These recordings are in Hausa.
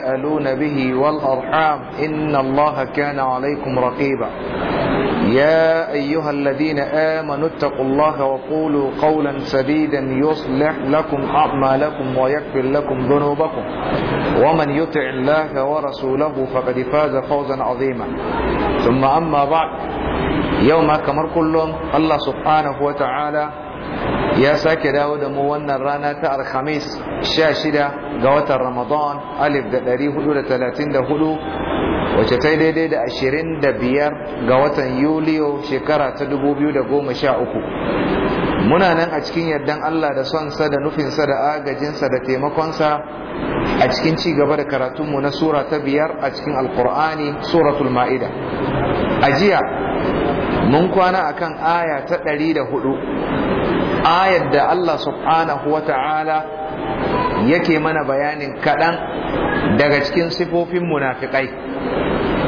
تساءلون به والأرحام إن الله كان عليكم رقيبا يا أيها الذين آمنوا اتقوا الله وقولوا قولا سديدا يصلح لكم أعمالكم ويكفر لكم ذنوبكم ومن يطع الله ورسوله فقد فاز فوزا عظيما ثم أما بعد يوم كمر كلهم الله سبحانه وتعالى ya sake dawo da mu wannan rana ta alhamis sha shida ga watan ramadan alif da talatin da hudu wacce ta daidai da ashirin da biyar ga watan yuliyo shekara ta dubu biyu sha uku muna nan a cikin yardan allah da sonsa da nufinsa da agajinsa da taimakonsa a cikin ci gaba da karatunmu na sura ta biyar a cikin alkur'ani suratul ma'ida a jiya mun kwana akan aya ta ɗari da hudu ayar da Allah subhanahu wa ta'ala yake mana bayanin kaɗan daga cikin sifofin munafiƙai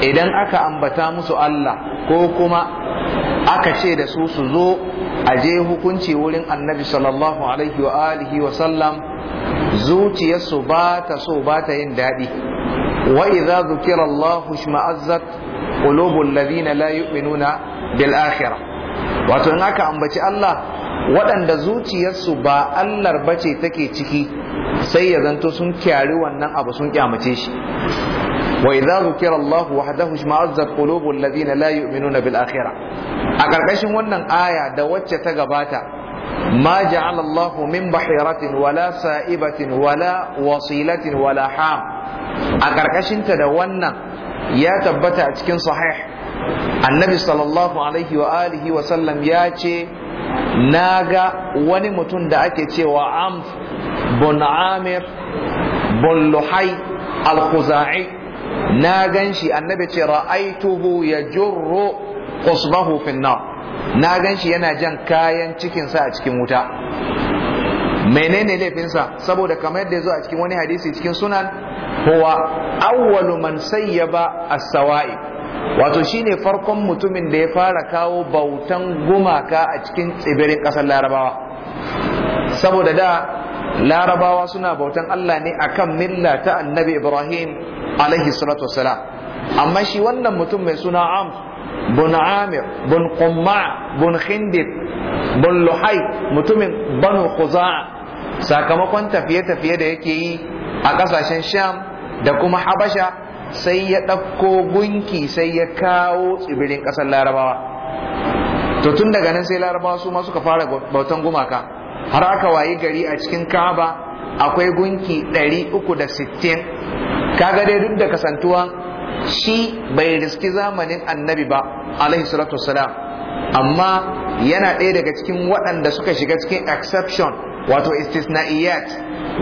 idan aka ambata musu Allah ko kuma aka ce da su su zo a je hukunci wurin annabi sallallahu alaihi wa alihi wa sallam zuciyarsu ba ta so ba ta yin daɗi wa idza zukira Allah shma'azzat qulubul ladina la yu'minuna bil akhirah wato in aka ambaci Allah waɗanda zuciyarsu ba allar bace take ciki sai ya zanto sun kyari wannan abu sun kyamace shi wa idza zukira Allah wahdahu shma'azzat qulubul ladina la yu'minuna bil akhirah a karkashin wannan aya da wacce ta gabata ما جعل الله من بحيرة ولا سائبة ولا وصيلة ولا حام أكركشن تدونا يا تبتع تكن صحيح النبي صلى الله عليه وآله وسلم ياتي na ga wani mutum da ake cewa amf bin amir bin luhai al na gan shi annabi ce ra'aituhu ya jurro qusbahu finna na gan shi yana jan kayan cikinsa a cikin wuta menene laifinsa saboda kamar yadda ya zo a cikin wani hadisi cikin sunan huwa awwalu man sayyaba as-sawa'i wato shine farkon mutumin da ya fara kawo bautan gumaka a cikin tsibirin ƙasar larabawa saboda da larabawa suna bautan Allah ne akan milla ta annabi Ibrahim alaihi salatu wassalam amma shi wannan mutum mai suna am bun amir bun kuma bun hindit bun luhai mutumin banu khuza'a sakamakon tafiye-tafiye da yake yi a ƙasashen sham da kuma habasha sai ya ɗauko gunki sai ya kawo tsibirin ƙasar larabawa to tun daga nan sai larabawa su ma suka fara bautan gumaka har aka wayi gari a cikin kaba akwai gunki 360 kaga dai duk da kasantuwa shi bai riski zamanin annabi ba alaihi salatu wasalam amma yana ɗaya daga cikin waɗanda suka shiga cikin exception wato istisna'iyat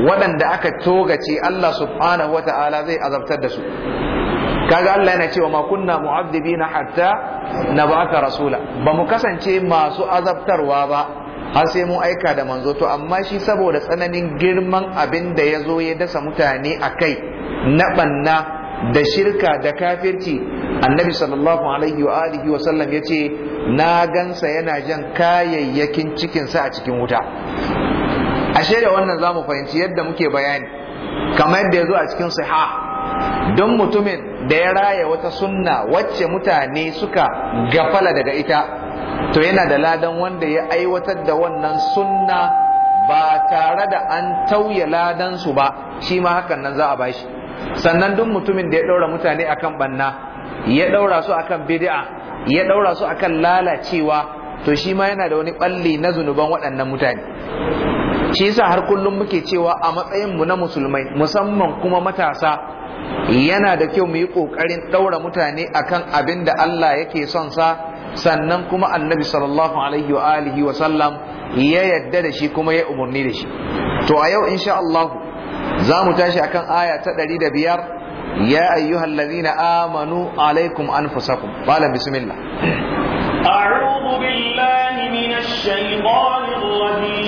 waɗanda aka togace Allah subhanahu wata'ala zai azabtar da su kaga Allah yana cewa ma kunna mu'adhibina hatta nab'atha rasula ba mu kasance masu azabtarwa ba har sai mu aika da manzo to amma shi saboda tsananin girman abin da ya zo ya dasa mutane a kai na banna da shirka da kafirci annabi sallallahu alaihi wa alihi wa sallam yace na gansa yana jan kayayyakin cikinsa a cikin wuta ashe da wannan za mu fahimci yadda muke bayani kamar yadda ya zo a cikin siha don mutumin da ya raya wata sunna wacce mutane suka gafala daga ita to yana da ladan wanda ya aiwatar da wannan sunna ba tare da an tauye ladansu ba shi ma hakan nan za a bashi sannan duk mutumin da ya ɗaura mutane akan banna ya ɗaura su akan bid'a ya ɗaura su akan lalacewa to shi ma yana da wani ɓalli na zunuban waɗannan mutane shi yasa har kullum muke cewa a matsayin mu na musulmai musamman kuma matasa yana da kyau mu yi kokarin daura mutane akan abin da Allah yake son sa sannan kuma annabi sallallahu alaihi wa alihi wa sallam ya yadda da shi kuma ya umarni da shi to a yau insha Allah za mu tashi akan aya ta 105 ya ayyuhal ladina amanu alaikum anfusakum qala bismillah a'udhu billahi minash shaitanir rajim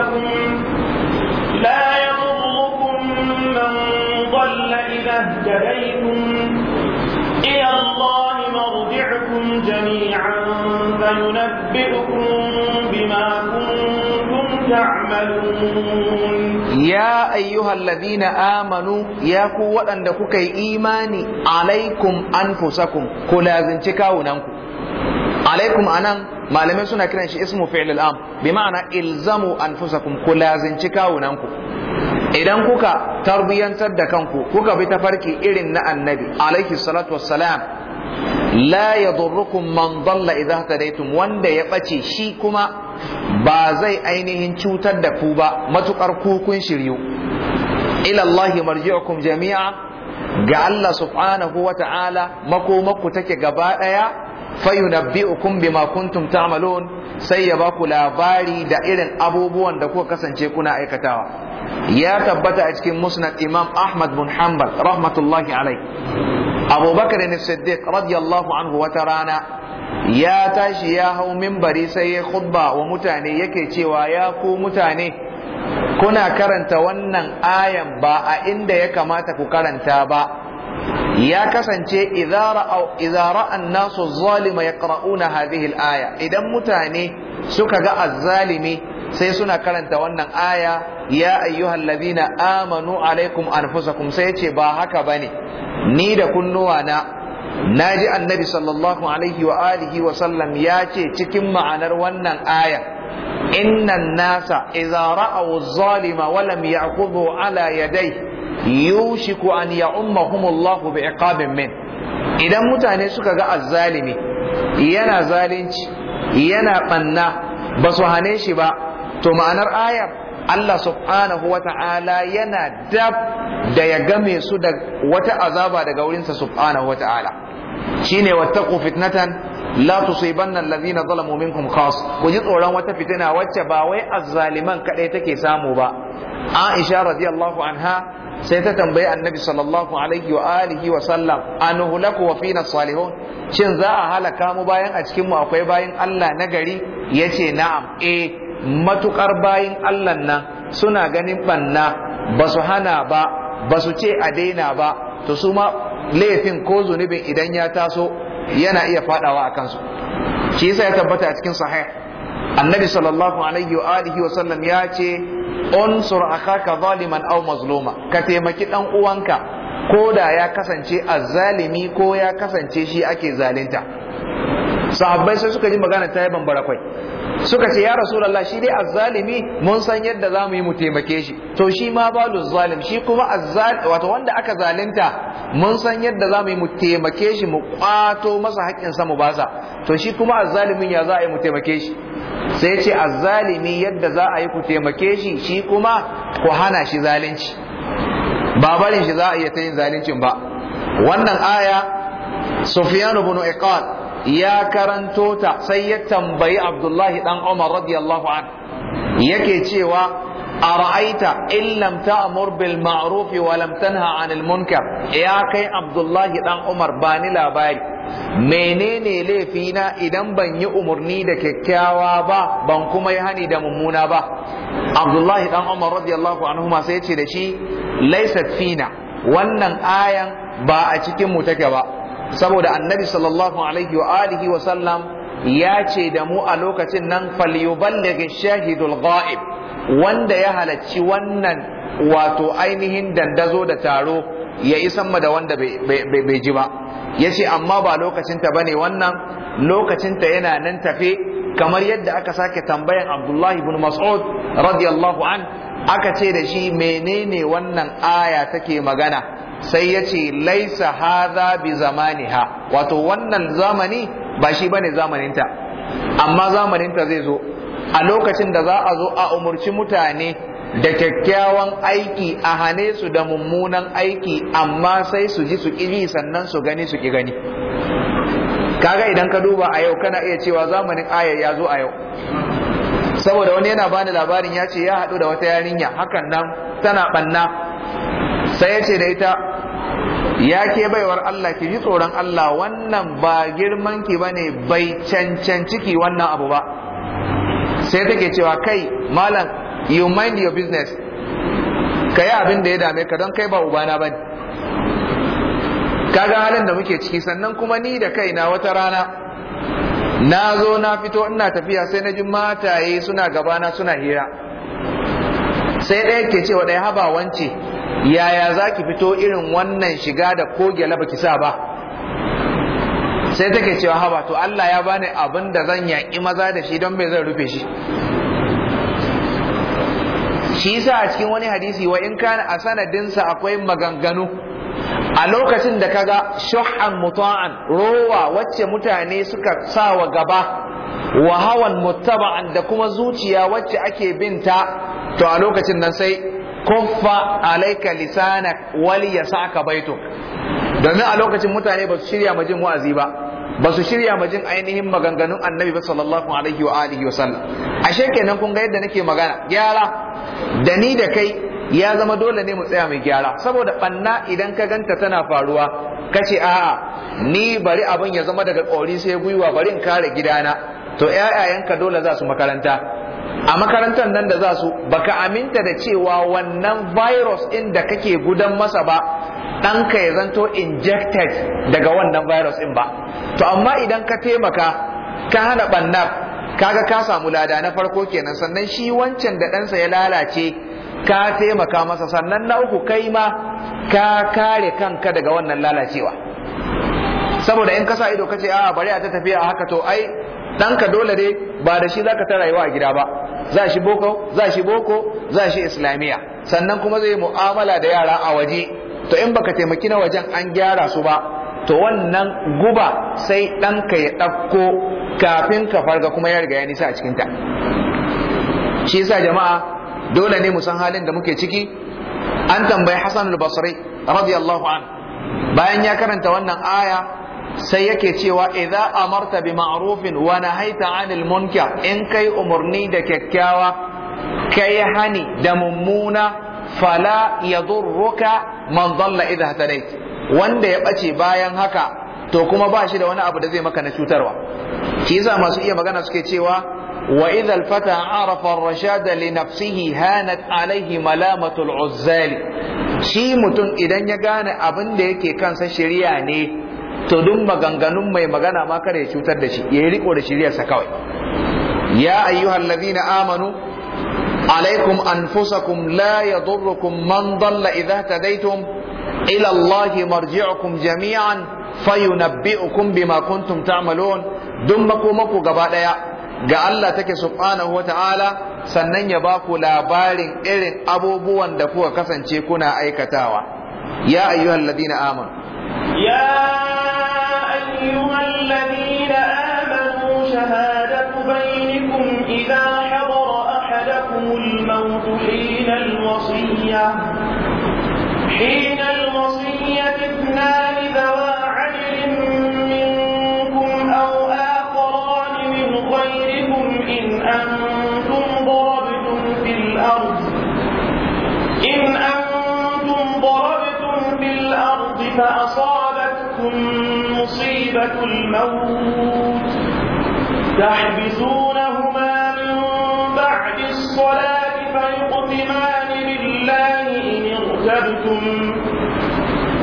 يضركم لا يضركم من ضل إذا اهتديتم إلى الله مرجعكم جميعا فينبئكم بما كنتم تعملون يا أيها الذين آمنوا يا قوة أن كي إيماني عليكم أنفسكم كلا زنتكاونكم عليكم أنام malamai suna kiran shi ismu fi'l am bi ma'ana ilzamu anfusakum ku lazinci kawunanku idan kuka tarbiyantar da kanku kuka bi tafarki irin na annabi alaihi salatu wassalam la yadurrukum man dalla idza tadaitum wanda ya bace shi kuma ba zai ainihin cutar da ku ba matukar ku kun shiryu ila Allah marji'ukum jami'a ga Allah subhanahu wa ta'ala makomakku take gaba daya fayunabbi'ukum bima kuntum ta'malun sai ya baku labari da irin abubuwan da kuka kasance kuna aikatawa ya tabbata a cikin musnad imam ahmad bin hanbal rahmatullahi alai abubakar ne siddiq radiyallahu anhu wata rana ya tashi ya hau mimbari sai ya khutba wa mutane yake cewa ya ku mutane kuna karanta wannan ayan ba a inda ya kamata ku karanta ba ya kasance idza ra'a an-nasu zalima yaqra'una hadhihi al-aya idan mutane suka ga azzalimi sai suna karanta wannan aya ya ayyuhallazina amanu alaikum anfusakum sai yace ba haka bane ni da kunnuwa na naji annabi sallallahu alaihi wa alihi wa sallam ya ce cikin ma'anar wannan aya innan nasa idza ra'aw zalima wa lam ya'khudhu ala yadayhi yushiku an ya'ummahumullahu bi'iqabin min idan mutane suka ga azzalimi yana zalunci yana banna ba su hane shi ba to ma'anar ayar Allah subhanahu wa ta'ala yana dab da ya game su da wata azaba daga wurinsa subhanahu wa ta'ala shine wattaqu fitnatan la tusibanna alladhina zalamu minkum khas ku ji tsoron wata fitina wacce ba wai azzaliman kadai take samu ba Aisha radiyallahu anha sai ta tambayi annabi sallallahu alaihi wa alihi wa sallam anuhlaku wa fina salihun shin za a halaka mu bayan a cikin mu akwai bayan Allah na gari yace na'am eh matukar bayan Allah nan suna ganin banna ba su hana ba ba su ce a daina ba to su ma laifin ko zunubin idan ya taso yana iya fadawa a kansu shi yasa ya tabbata a cikin sahih annabi sallallahu alaihi wa alihi wa sallam ya ce unsur ka zaliman aw mazluma ka taimaki dan uwanka ko da ya kasance azzalimi ko ya kasance shi ake zalinta. sahabbai sai suka ji magana ta yi bambara suka ce ya rasulullah shi dai azzalimi mun san yadda za mu yi mu taimake shi to shi ma balu zalim shi kuma wato wanda aka zalinta mun san yadda za mu yi mu taimake shi mu kwato masa haƙƙin sa mu basa to shi kuma azzalimin ya za a yi mu taimake shi sai ce azzalimi yadda za a yi ku taimake shi shi kuma ku hana shi zalunci ba barin shi za a iya ta yin zaluncin ba wannan aya Sufyan ibn Iqal ya karanto ta sai ya tambayi Abdullahi dan Umar radiyallahu an yake cewa a ra'aita lam ta'mur bil ma'ruf wa lam tanha 'anil munkar ya kai Abdullahi dan Umar bani labari menene laifina idan ban yi umarni da kyakkyawa ba ban kuma yi hani da mummuna ba Abdullahi dan Umar radiyallahu anhu sai ya ce da shi laysat fina wannan ayan ba a cikin mu take ba saboda annabi sallallahu alaihi wa alihi wa sallam ya ce da mu a lokacin nan falyuballighi shahidul ghaib wanda ya halacci wannan wato ainihin dandazo da taro ya isan mu da wanda bai ji ba ya ce amma ba lokacinta ba ne wannan lokacinta yana nan tafe kamar yadda aka sake tambayan abdullahi ibn mas'ud radiyallahu an aka ce da shi menene wannan aya take magana sai ya ce laisa haza bi ha, wato wannan zamani ba shi ba ne zamaninta amma zamaninta zai zo a lokacin da za a zo a umarci mutane da kyakkyawan aiki a hane su da mummunan aiki amma sai su ji su ƙi sannan su gani su ƙi gani kaga idan ka duba a yau kana iya cewa zamanin ayar ya zo a yau saboda wani yana bani labarin ya ce ya haɗu da wata yarinya hakan nan tana ɓanna sai ya ce da ita ya ke baiwar Allah ki ji tsoron Allah wannan ba girman ki bane bai cancan ciki wannan abu ba sai take cewa kai malam you mind your business ka yi abin da ya dame ka don kai ba ubana ba kaga halin da muke ciki sannan kuma ni da kai na wata rana na zo na fito ina tafiya sai na ji mataye suna gabana suna hira sai ɗaya ke cewa ɗaya haba wance yaya za ki fito irin wannan shiga da kogela baki sa ba sai take cewa haba to Allah ya bani abin da zan yaƙi maza da shi don bai zan rufe shi shi sa a cikin wani hadisi wa in kana a sanadinsa akwai maganganu a lokacin da kaga shuhan muta'an rowa wacce mutane suka sa wa gaba wa hawan muttaba'an da kuma zuciya wacce ake binta to a lokacin nan sai kuffa alaika lisanak wali ya baitu domin a lokacin mutane ba su shirya majin wa'azi ba ba su shirya ma ainihin maganganun annabi ba sallallahu alaihi wa alihi wa sallam ashe kenan kun ga yadda nake magana gyara da ni da kai ya zama dole ne mu tsaya mai gyara saboda banna idan ka ganta tana faruwa kace a'a ni bari abin ya zama daga kori sai gwiwa bari in kare gidana to ƴaƴayenka dole za su makaranta a makarantar nan da za su baka aminta da cewa wannan virus in da kake gudan masa ba ɗanka ya zanto injected daga wannan virus in ba to amma idan ka taimaka ka hana ɓannar kaga ka samu lada na farko kenan sannan shi wancan da ɗansa ya lalace ka taimaka masa sannan na uku kai ma ka kare kanka daga wannan lalacewa saboda in ka sa ido kace a bari a ta tafiya haka to ai ɗanka dole dai ba da shi zaka ta rayuwa a gida ba za shi boko za shi boko za shi islamiyya sannan kuma zai mu'amala da yara a waje to in baka taimaki na wajen an gyara su ba to wannan guba sai ɗanka ya ɗauko kafin ka farga kuma ya riga ya nisa a cikinta shi yasa jama'a dole ne mu san halin da muke ciki an tambayi Hassan al-Basri radiyallahu an bayan ya karanta wannan aya sai yake cewa idza amarta bi ma'rufin wa nahaita 'anil munkar in kai umurni da kyakkyawa kai hani da mummuna fala yadurruka man dalla idza hadait wanda ya bace bayan haka to kuma ba shi da wani abu da zai maka na cutarwa shi yasa masu iya magana suke cewa wa idza al-fata arafa ar-rashada li nafsihi hanat alayhi malamatu al-uzzali shi mutum idan ya gane abin da yake kansa shari'a ne to duk maganganun mai magana ma kare ya cutar da shi ya riko da shiryarsa kawai ya ayyuhal ladina amanu alaikum anfusakum la yadurrukum man dalla idza tadaitum ila Allah marji'ukum jami'an fayunabbi'ukum bima kuntum ta'malun duk makomako gaba daya ga Allah take subhanahu Ta'ala sannan ya ba ku labarin irin abubuwan da kuka kasance kuna aikatawa ya ayyuhal ladina amanu ya حين الوصية اثنان ذوا عدل منكم أو آخران من غيركم إن أنتم ضربتم في الأرض إن أنتم ضربتم في الأرض فأصابتكم مصيبة الموت تحبسون ارتبتم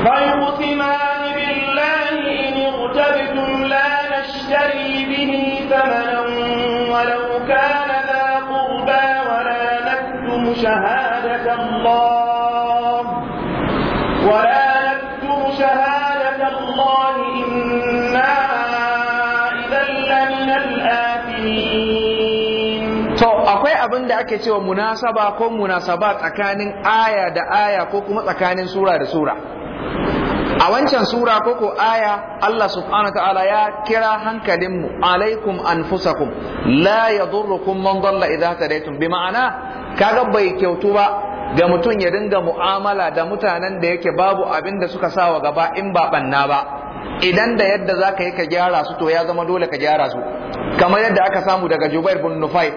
فيقسمان بالله إن ارتبتم لا نشتري به ثمنا ولو كان ذا قربى ولا نكتم شهادة abin da ake cewa munasaba ko munasaba tsakanin aya da aya ko kuma tsakanin sura da sura a wancan sura ko ko aya Allah subhanahu ta'ala ya kira hankalin mu alaikum anfusakum la yadurrukum man dalla idha tadaytum bi ma'ana kaga bai kyautu ba ga mutum ya dinga mu'amala da mutanen da yake babu abin da suka sa wa gaba in ba banna ba idan da yadda zaka yi ka gyara su to ya zama dole ka gyara su kamar yadda aka samu daga jubair bin nufai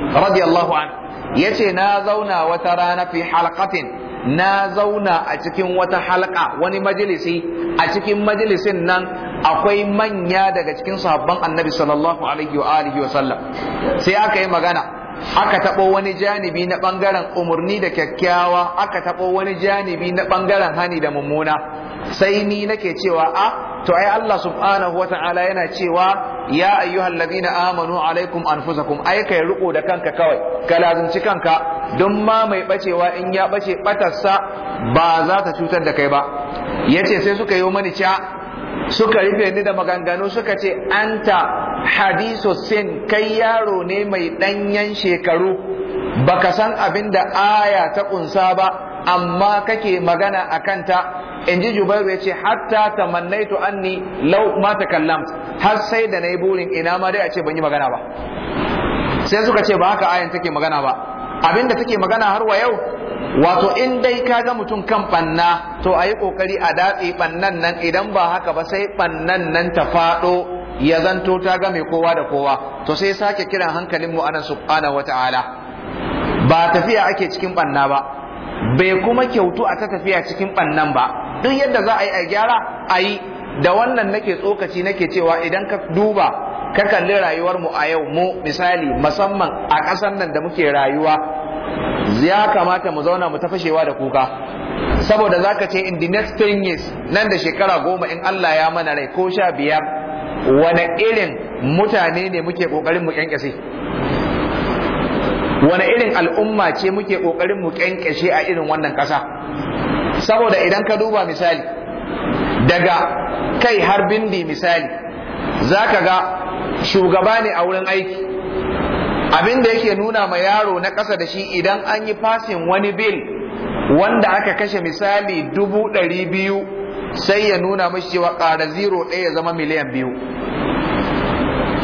رضي an yace na zauna wata rana fi halqatin na zauna a cikin wata halka wani majalisi a cikin majalisin nan akwai manya daga cikin sahabban annabi sallallahu alaihi wa wa sai aka yi magana aka taɓo wani janibi na bangaren umarni da kyakkyawa aka tabo wani janibi na bangaren hani da mummuna sai ni nake cewa a ah, to ai Allah subhanahu wa yana cewa ya ayyuhal ladina amanu alaikum anfusakum ai kai riko da kanka kawai ka lazunci kanka don ma mai bacewa in ya bace batarsa ba za ta cutar da kai ba yace sai suka yi mani ca suka rufe ni da maganganu suka ce anta hadisu sin kai yaro ne mai danyen shekaru baka san abin da aya ta kunsa ba amma kake magana a kanta in ji jubairu ya ce hatta tamannaitu anni lau ma takallam har sai da na yi burin ina ma dai a ce ban yi magana ba sai suka ce ba haka ayan take magana ba abinda take magana har wa yau wato in dai ka ga mutum kan banna to a yi kokari a datse bannan nan idan ba haka ba sai bannan nan ta faɗo ya zanto ta ga mai kowa da kowa to sai sake kiran hankalin mu anan subhanahu wataala ba tafiya ake cikin banna ba bai kuma kyautu a ta tafiya cikin ɓannan ba duk yadda za a yi a gyara a yi da wannan nake tsokaci nake cewa idan ka duba ka kalli rayuwar mu a yau mu misali musamman a ƙasar nan da muke rayuwa ya kamata mu zauna mu ta fashewa da kuka saboda za ka ce in the next 10 years nan da shekara goma in Allah ya mana rai ko sha biyar wane irin mutane ne muke ƙoƙarin mu kyankyase wani irin al'umma ce muke ƙoƙarin mu kyankyashe a irin wannan ƙasa? saboda idan ka duba misali daga kai har bindi misali za ka ga shugaba ne a wurin aiki abin da yake nuna ma yaro na ƙasa da shi idan an yi fasin wani bil wanda aka kashe misali dubu ɗari biyu sai ya nuna mashi cewa ƙara zero ɗaya ya zama miliyan biyu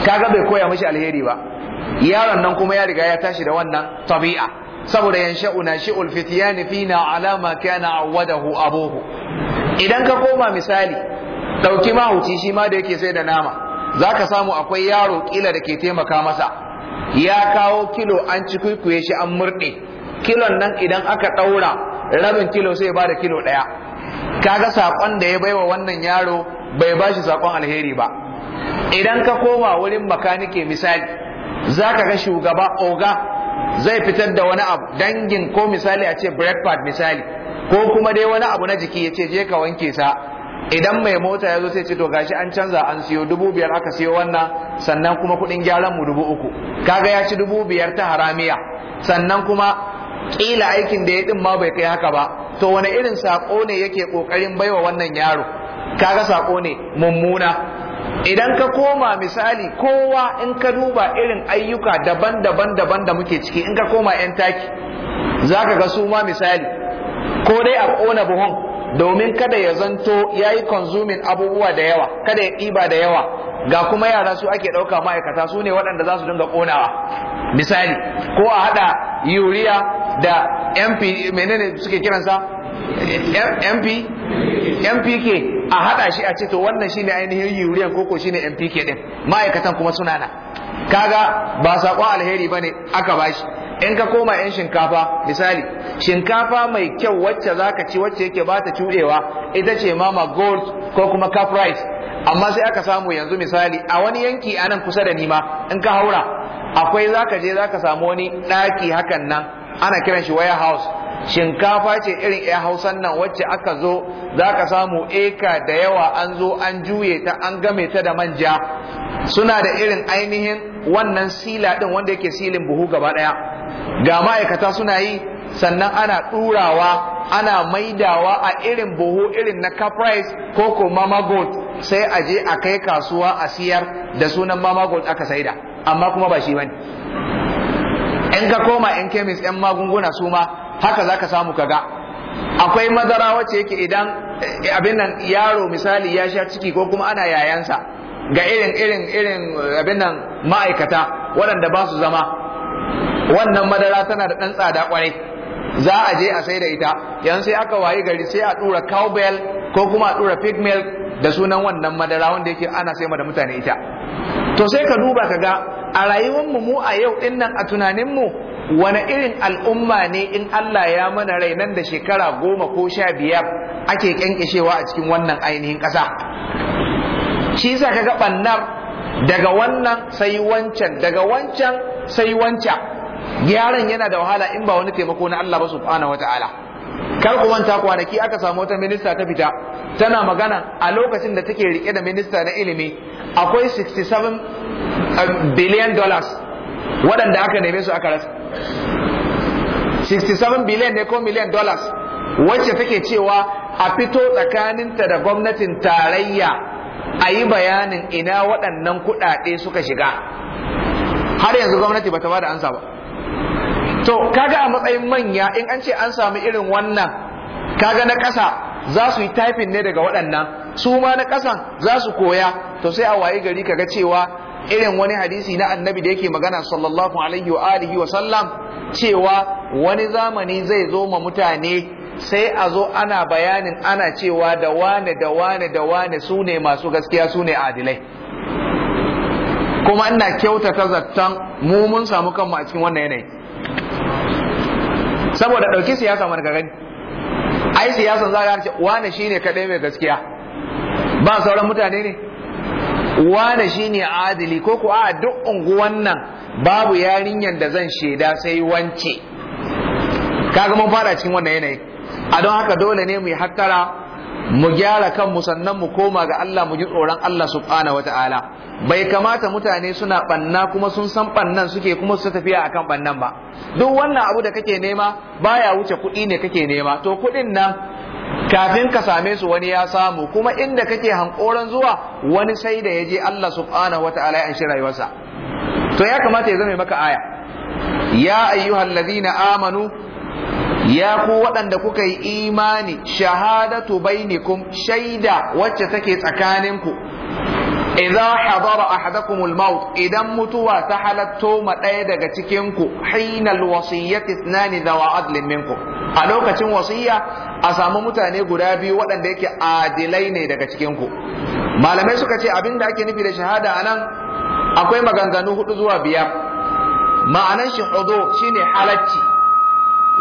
kaga bai koya mashi alheri ba yaron nan kuma ya riga ya tashi da wannan tabi'a saboda yansha'u nashi'ul fityani fina alama kana awadahu abuhu idan ka koma misali dauki mahauci shi ma da yake sai da nama zaka samu akwai yaro kila da ke taimaka masa ya kawo kilo an ci kuikuye shi an murɗe kilon nan idan aka ɗaura rabin kilo sai ba da kilo ɗaya kaga sakon da ya baiwa wannan yaro bai bashi sakon alheri ba idan ka koma wurin makanike misali za ka ga shugaba oga zai fitar da wani abu dangin ko misali a ce breakfast misali ko kuma dai wani abu na jiki ya ce je ka wanke sa idan mai mota ya zo sai ce to gashi an canza an siyo dubu biyar aka siyo wannan sannan kuma kuɗin gyaran mu dubu uku kaga ya ci dubu biyar ta haramiya sannan kuma kila aikin da ya din ma bai kai haka ba to wani irin sako ne yake kokarin baiwa wannan yaro kaga sako ne mummuna idan ka koma misali kowa in ka duba irin ayyuka daban-daban daban da muke ciki in ka koma 'yan taki za ka ga su ma misali ko dai a ƙona buhun domin kada ya zanto ya yi konsumin abubuwa da yawa kada ya ɗiba da yawa ga kuma yara su ake ɗauka ma'aikata su ne waɗanda za su dinga ƙonawa misali ko a haɗa yuriya da mp menene suke kiransa mp mpk a hada shi a ce to wannan ne ainihin urea koko ne mpk din ma'aikatan kuma suna na kaga ba sakon alheri ba ne aka bashi in ka koma yan shinkafa misali shinkafa mai kyau wacce zaka ci wacce yake ba ta cudewa ita ce mama gold ko kuma cap rice amma sai aka samu yanzu misali a wani yanki a nan kusa da nima in ka haura akwai za ka je za ka samu wani ɗaki hakan nan ana kiran shi warehouse shinkafa ce irin ya hausan nan wacce aka zo za ka samu eka da yawa an zo an juye ta an game ta da manja suna da irin ainihin wannan sila ɗin wanda yake silin buhu gaba ɗaya ga ma'aikata suna yi sannan ana ɗurawa ana maidawa a irin buhu irin na caprice ko ko mama sai a je a kai kasuwa a siyar da sunan mama gold aka saida amma kuma ba shi bane in ka koma in kemis 'yan magunguna su ma haka zaka samu kaga akwai madara wacce yake idan eh, abin nan yaro misali ya sha ciki ko kuma ana yayansa ga irin irin irin abin nan ma'aikata waɗanda ba su zama wannan madara tana da ɗan tsada kwarai za a je a sai da ita yanzu sai aka wayi gari sai a ɗura cowbell ko kuma a ɗura pig milk da sunan wannan madara wanda yake ana sai da mutane ita to sai ka duba ka ga a rayuwar mu mu a yau ɗin nan a tunaninmu wani irin al'umma ne in Allah ya mana rai nan da shekara goma ko sha biyar ake kyankishewa a cikin wannan ainihin ƙasa shi ka ga bannar daga wannan sai wancan daga wancan sai wancan gyaran yana da wahala in ba wani taimako na Allah ba subhanahu wataala kar ku manta kwanaki aka samu wata minista ta fita tana magana a lokacin da take rike da minista na ilimi akwai 67 eh, billion dollars waɗanda aka neme su aka rasa 67 biliyan ne ko miliyan dollars wacce take cewa a fito tsakaninta da gwamnatin tarayya a yi bayanin ina waɗannan kuɗaɗe suka shiga har yanzu gwamnati bata ba da ansa ba to kaga a matsayin manya in an ce an samu irin wannan kaga na ƙasa za su yi taifin ne daga waɗannan su ma na ƙasan za su koya to sai a waye gari kaga cewa irin wani hadisi na annabi da yake magana sallallahu alaihi wa alihi wa sallam cewa wani zamani zai zo ma mutane sai a zo ana bayanin ana cewa da wane da wane da wane su ne masu gaskiya su ne adilai kuma ina kyautata zattan mu mun samu kanmu a cikin wannan yanayi saboda ɗauki siyasa mana ka gani ai siyasan za ka ce wane shine kaɗai mai gaskiya ba sauran mutane ne wane ne adili ko ko a duk unguwan nan babu yarinyar da zan shaida sai wance kaga mun fara cikin wannan yanayi a don haka dole ne mu yi mu gyara kanmu sannan mu koma ga Allah mu ji tsoron Allah subhanahu wataala bai kamata mutane suna banna kuma sun san bannan suke kuma su tafiya akan bannan ba duk wannan abu da kake nema baya wuce kuɗi ne kake nema to kuɗin nan kafin ka same su wani ya samu kuma inda kake hankoran zuwa wani sai da ya je Allah subhanahu wataala ya anshi rayuwarsa to ya kamata ya zame maka aya ya ayyuhal ladina amanu ya ku waɗanda kuka yi imani shahadatu bainikum shaida wacce take tsakaninku idza hadara ahadakumul maut idan mutuwa ta halatto ma ɗaya daga cikinku hinal wasiyyati ithnani dawa adlin minkum a lokacin wasiya a samu mutane guda biyu waɗanda yake adilai ne daga cikin ku malamai suka ce abin da ake nufi da shahada anan akwai maganganu hudu zuwa biyar ma'anan shi hudu shine halacci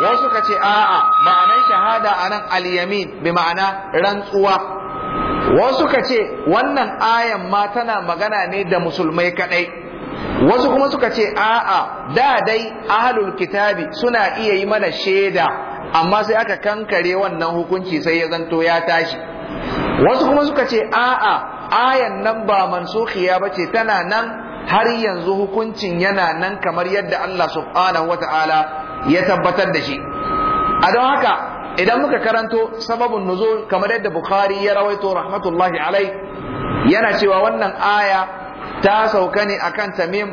wasu suka ce a'a ma'anan shahada anan al-yamin bi ma'ana rantsuwa wasu suka ce wannan ayan ma tana magana ne da musulmai kadai wasu kuma suka ce a'a da dai ahlul kitabi suna iya yi mana shaida amma sai aka kankare wannan hukunci sai ya zanto ya tashi wasu kuma suka ce a'a ayan nan ba mansukhiya bace tana nan har yanzu hukuncin yana nan kamar yadda Allah subhanahu wata'ala ya tabbatar da shi a don haka idan muka karanto sababin nuzul kamar yadda Bukhari ya rawaito rahmatullahi alai yana cewa wannan aya ta sauka ne akan Tamim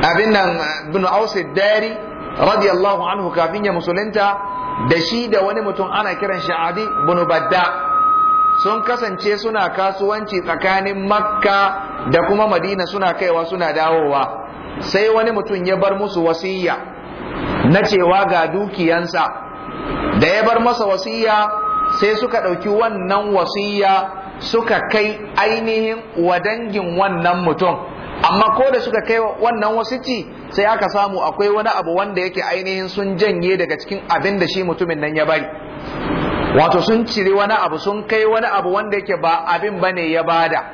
abin nan bin Aus dari radiyallahu anhu kafin ya musulunta da shi da wani mutum ana kiran shi Adi bin Badda sun kasance suna kasuwanci tsakanin Makka da kuma Madina suna kaiwa suna dawowa sai wani mutum ya bar musu wasiya na cewa ga dukiyansa da ya bar masa wasiya sai suka ɗauki wannan wasiya suka kai ainihin wa wannan mutum amma ko da suka kai wannan wasu ci sai aka samu akwai wani abu wanda yake ainihin sun janye daga cikin abin da shi mutumin nan ya bari wato sun cire wani abu sun kai wani abu wanda yake ba abin ba ne ya bada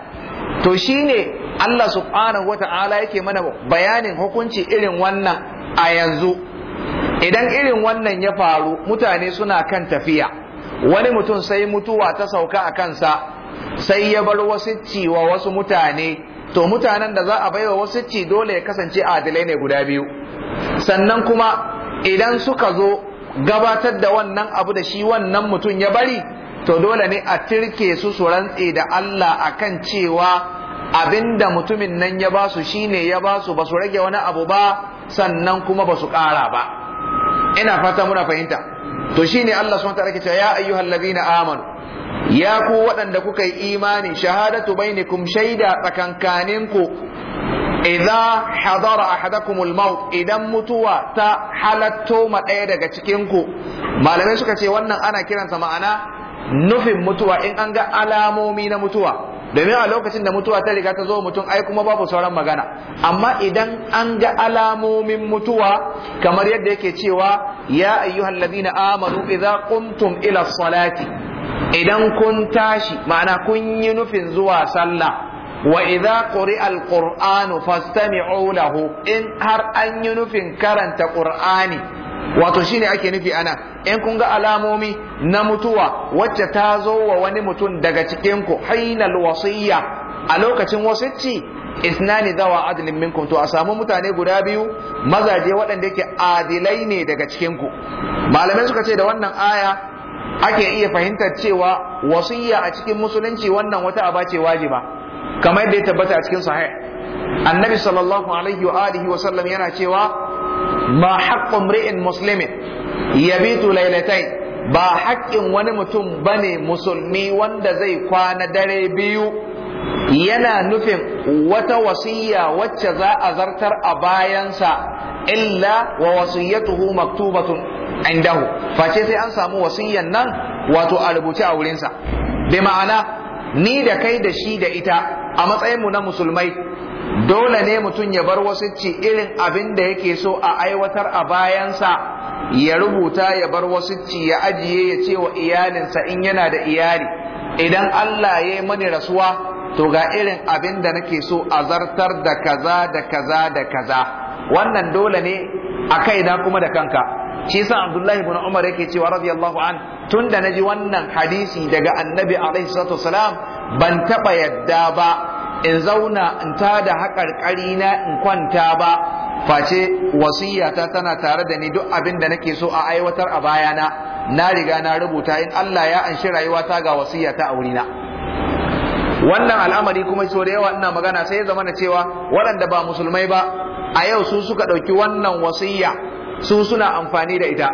to shine Allah subhanahu wata'ala yake mana bayanin hukunci irin wannan a yanzu idan irin wannan ya faru mutane suna kan tafiya wani mutum sai mutuwa ta sauka a kansa sai ya bar wasu ciwa wasu mutane to mutanen da za a baiwa wasu ci dole ya kasance adilai ne guda biyu sannan kuma idan suka zo gabatar da wannan abu da shi wannan mutum ya bari to dole ne a tirke su su rantse da Allah akan cewa abinda mutumin nan ya basu shine ya basu ba su rage wani abu ba sannan kuma ba su ƙara ba ina fata muna fahimta to shine Allah subhanahu wa ta'ala cewa ya na amanu ya ku waɗanda kuka yi imani shahadatu bainakum shaida tsakankaninku idza hadara ahadakum almaut idan mutuwa ta halatto ma ɗaya daga cikin ku malamai suka ce wannan ana kiransa ma'ana nufin mutuwa in an ga alamomi na mutuwa domin a lokacin da mutuwa ta riga ta zo mutum ai kuma babu sauran magana amma idan an ga alamomin mutuwa kamar yadda yake cewa ya ayyuhallazina amanu idza qumtum ila salati idan kun tashi ma'ana kun yi nufin zuwa sallah wa idza quri'a alqur'anu fastami'u lahu in har an yi nufin karanta qur'ani wato shine ake nufi ana in kun ga alamomi na mutuwa wacce ta zo wa wani mutum daga cikin ku hainal wasiyya a lokacin wasicci isnani dawa adlin minkum to a samu mutane guda biyu mazaje waɗanda yake adilai ne daga cikin ku malamai suka ce da wannan aya ake iya fahimtar cewa wasiyya a cikin musulunci wannan wata aba ce wajiba kamar yadda ya tabbata a cikin sahih annabi sallallahu alaihi wa alihi wa sallam yana cewa ma haqqu imri'in muslimin yabitu laylatayn ba haƙƙin wani mutum bane musulmi wanda zai kwana dare biyu yana nufin wata wasiyya wacce za a zartar a bayansa illa wa wasiyyatuhu maktubatun indahu face sai an samu wasiyyan nan wato a rubuce a wurinsa bi ma'ana ni da kai da shi da ita a matsayin mu na musulmai dole ne mutum ya bar wasicci irin abin da yake so a aiwatar a bayansa ya rubuta ya bar wasu ci ya ajiye ya ce wa iyalinsa in yana da iyali idan Allah ya yi mani rasuwa to ga irin abin da nake so a zartar da kaza da kaza da kaza wannan dole ne a kaina kuma da kanka shi yasa Abdullahi ibn Umar yake cewa radiyallahu an tunda naji wannan hadisi daga Annabi alaihi salatu wasalam ban taba yadda ba in zauna in tada haƙarƙari na in kwanta ba face wasiyata tana tare da ni duk abin da nake so a aiwatar a bayana na riga na rubuta in Allah ya anshi rayuwata ga wasiyata a wurina wannan al'amari kuma so da yawa ina magana sai ya zama na cewa waɗanda ba musulmai ba a yau su suka ɗauki wannan wasiyya su suna amfani da ita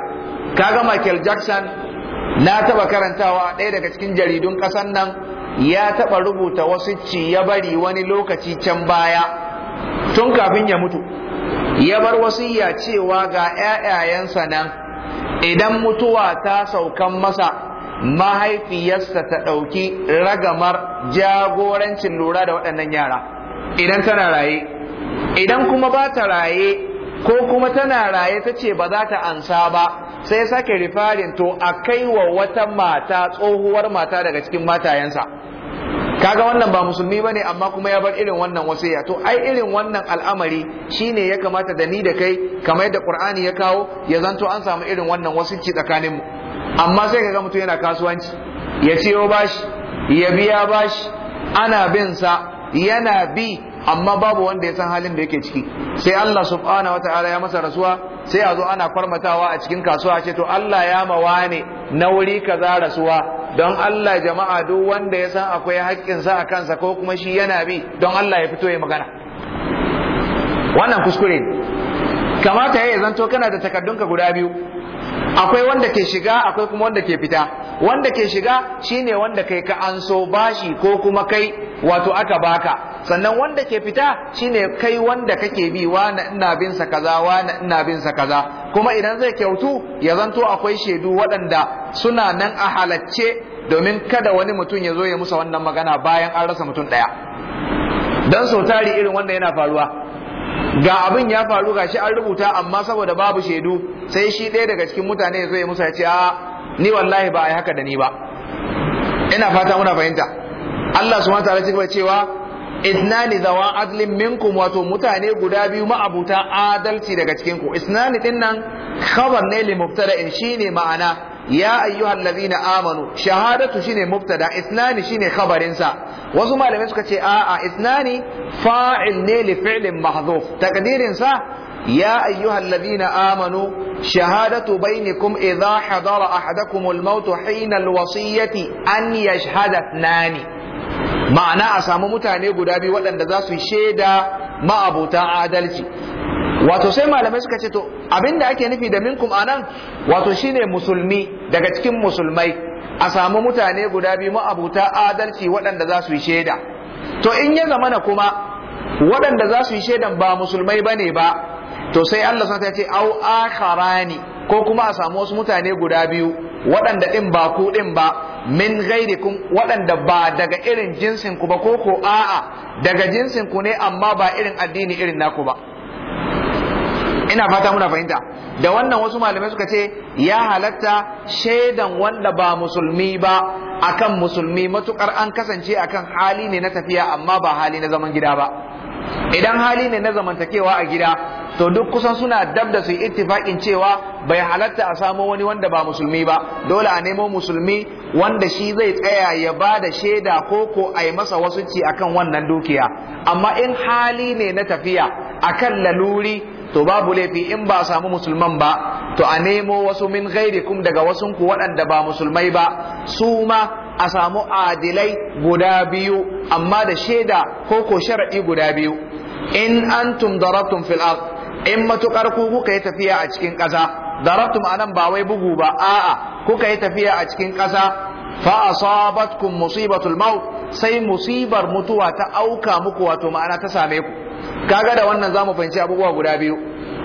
kaga Michael Jackson na taba karantawa ɗaya daga cikin jaridun ƙasan nan ya taba rubuta wasu ci ya bari wani lokaci can baya tun kafin ya mutu ya bar wasu wasiya cewa ga ‘ya'yayensa nan idan mutuwa ta saukan masa mahaifiyarsa ta ɗauki ragamar jagorancin lura da waɗannan yara idan tana raye idan kuma ba ta raye ko kuma tana raye ta ce ba za ta ansa ba sai sake rifarin to a kai wa wata mata tsohuwar mata daga cikin matayensa kaga wannan ba musulmi ba ne amma kuma ya bar irin wannan wasiya to ai irin wannan al'amari shine ya kamata da ni da kai kamar yadda Qur'ani ya kawo ya zanto an samu irin wannan wasu tsakanin mu amma sai ka ga mutum yana kasuwanci ya ciyo bashi ya biya bashi ana bin sa yana bi amma babu wanda ya san halin da yake ciki sai Allah subhanahu wataala ya masa rasuwa sai a zo ana kwarmatawa a cikin kasuwa ce to Allah ya mawane na wuri kaza rasuwa don Allah jama'a duk wanda ya san akwai sa a kansa ko kuma shi yana bi don Allah ya fito ya magana wannan kuskure kamata ya zanto kana da takardunka guda biyu akwai wanda ke shiga akwai kuma wanda ke fita wanda ke shiga shine wanda kai ka anso bashi ko kuma kai wato aka baka sannan wanda ke fita shine kai wanda kake bi wa na ina bin sa kaza wa na ina bin sa kaza kuma idan zai kyautu ya zanto akwai shaidu waɗanda suna nan a halacce domin kada wani mutum ya zo ya musa wannan magana bayan an rasa mutum ɗaya dan sau irin wanda yana faruwa ga abin ya faru ga shi an rubuta amma saboda babu shaidu sai shi ɗaya daga cikin mutane ya zo ya musa ya ce a ni wallahi ba a yi haka da ni ba ina fata muna fahimta Allah subhanahu wataala ya cewa isnani zawa adlin minkum wato mutane guda biyu ma'abuta adalci daga cikin ku isnani din nan khabar ne li mubtada'in shine ma'ana ya ayyuhal ladina amanu shahadatu shine mubtada isnani shine khabarin sa wasu malamai suka ce a'a isnani fa'il ne li fi'lin mahdhuf takdirin sa يا أيها الذين آمنوا شهادة بينكم إذا حضر أحدكم الموت حين wasiyyati an يشهد اثنان ma'ana a samu mutane guda biyu waɗanda za su shaida ma'abutan adalci wato sai malamai suka ce to abinda ake nufi da minkum anan wato shine musulmi daga cikin musulmai a samu mutane guda biyu ma'abuta adalci waɗanda za su yi shaida to in ya zamana kuma waɗanda za su yi shaidan ba musulmai bane ba to sai Allah sa ta ce au akharani ko kuma a samu wasu mutane guda biyu waɗanda ɗin ba ku ɗin ba min ghairikum waɗanda ba daga irin jinsin ku ba ko ko a'a daga jinsin ku ne amma ba irin addini irin naku ba ina fata muna fahimta da wannan wasu malamai suka ce ya halatta shaidan wanda ba musulmi ba akan musulmi matukar an kasance akan hali ne na tafiya amma ba hali na zaman gida ba idan hali ne na zamantakewa a gida to duk kusan suna dab da su ittifakin cewa bai halatta a samo wani wanda ba musulmi ba dole a nemo musulmi wanda shi zai tsaya ya ba da shaida ko ko a yi masa wasu ci akan wannan dukiya amma in hali ne na tafiya akan laluri to babu laifi in ba a samu musulman ba to a nemo wasu min kum daga wasunku waɗanda ba musulmai ba su ma a samu adilai guda biyu amma da shaida ko ko shar'i guda biyu in antum darabtum fil ard in matukar ku kuka yi tafiya a cikin ƙasa darabtum anan ba wai bugu ba a'a kuka yi tafiya a cikin ƙasa fa asabatkum musibatul maut sai musibar mutuwa ta auka muku wato ma'ana ta same ku kaga da wannan zamu fahimci abubuwa guda biyu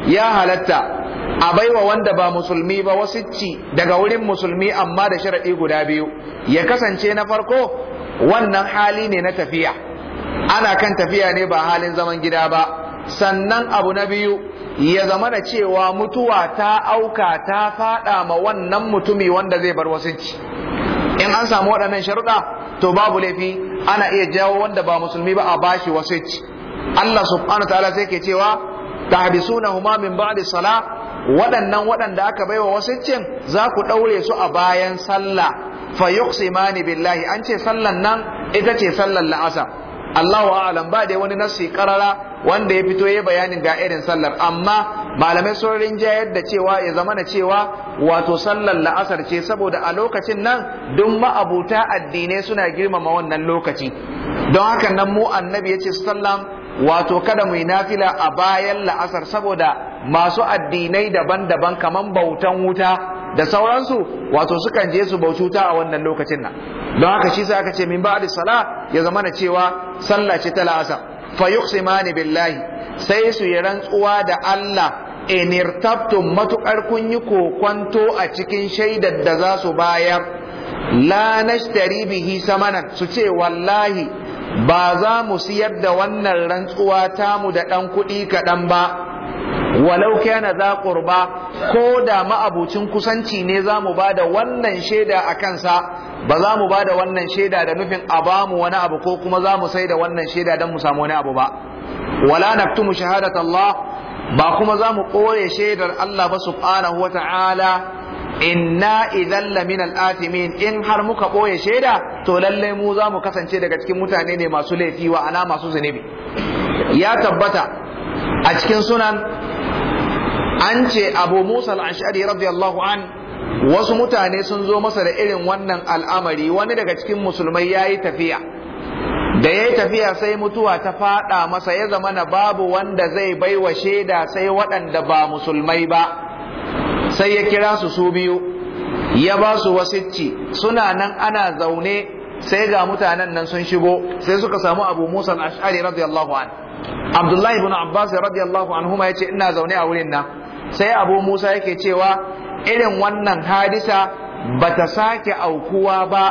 ya halatta a baiwa wanda ba musulmi ba wasicci daga wurin musulmi amma da sharaɗi guda biyu ya kasance na farko wannan hali ne na tafiya ana kan tafiya ne ba halin zaman gida ba sannan abu na biyu ya zama da cewa mutuwa ta auka ta faɗa ma wannan mutumi wanda zai bar wasicci in an samu waɗannan sharuɗa to babu laifi ana iya jawo wanda ba musulmi ba a bashi wasicci Allah subhanahu ta'ala sai ke cewa tahbisunahuma min ba'di sala, waɗannan waɗanda aka baiwa cin, za ku ɗaure su a bayan sallah fa yuqsimani billahi an ce sallan nan ita ce sallan la'asa Allahu a'lam ba dai wani nassi karara wanda ya fito ya bayanin ga irin sallar amma malamai sun rinjayar da cewa ya zama na cewa wato sallar la'asar ce saboda a lokacin nan duk ma'abuta addinai suna girmama wannan lokaci don haka nan mu annabi ya ce sallam wato kada mu yi nafila a bayan la'asar saboda masu addinai daban-daban kamar bautan wuta da sauransu wato sukan je su wuta a wannan lokacin nan don haka shi sai aka ce min badi sala ya zama na cewa sallah ce ta la'asar fa yuqsimani billahi sai su yi rantsuwa da Allah in irtabtum matukar kun yi kokwanto a cikin shaidar da za su bayar la nashtari bihi samanan su ce wallahi ba za mu siyar da wannan rantsuwa ta mu da ɗan kuɗi kaɗan ba walau kana za qurba ko da ma'abucin kusanci ne za mu ba da wannan shaida a kansa ba za mu ba da wannan shaida da nufin a ba wani abu ko kuma za mu sai da wannan shaida don mu samu wani abu ba wala naktumu shahadat Allah ba kuma za mu ɓoye shaidar Allah ba subhanahu wa inna idan lamin al'athimin in har muka ɓoye shaida to lallai mu za mu kasance daga cikin mutane ne masu laifi wa ana masu zunubi ya tabbata a cikin sunan an ce abu musa al'ashari radiyallahu an wasu mutane sun zo masa da irin wannan al'amari wani daga cikin musulmai ya yi tafiya da ya yi tafiya sai mutuwa ta faɗa masa ya zama na babu wanda zai baiwa shaida sai waɗanda ba musulmai ba sai ya kira su su biyu ya ba su wasicci suna nan ana zaune sai ga mutanen nan sun shigo sai suka samu abu musa al-ash'ari radiyallahu an abdullahi ibn abbas radiyallahu anhuma yace ina zaune a wurin nan sai abu musa yake cewa irin wannan hadisa bata sake aukuwa ba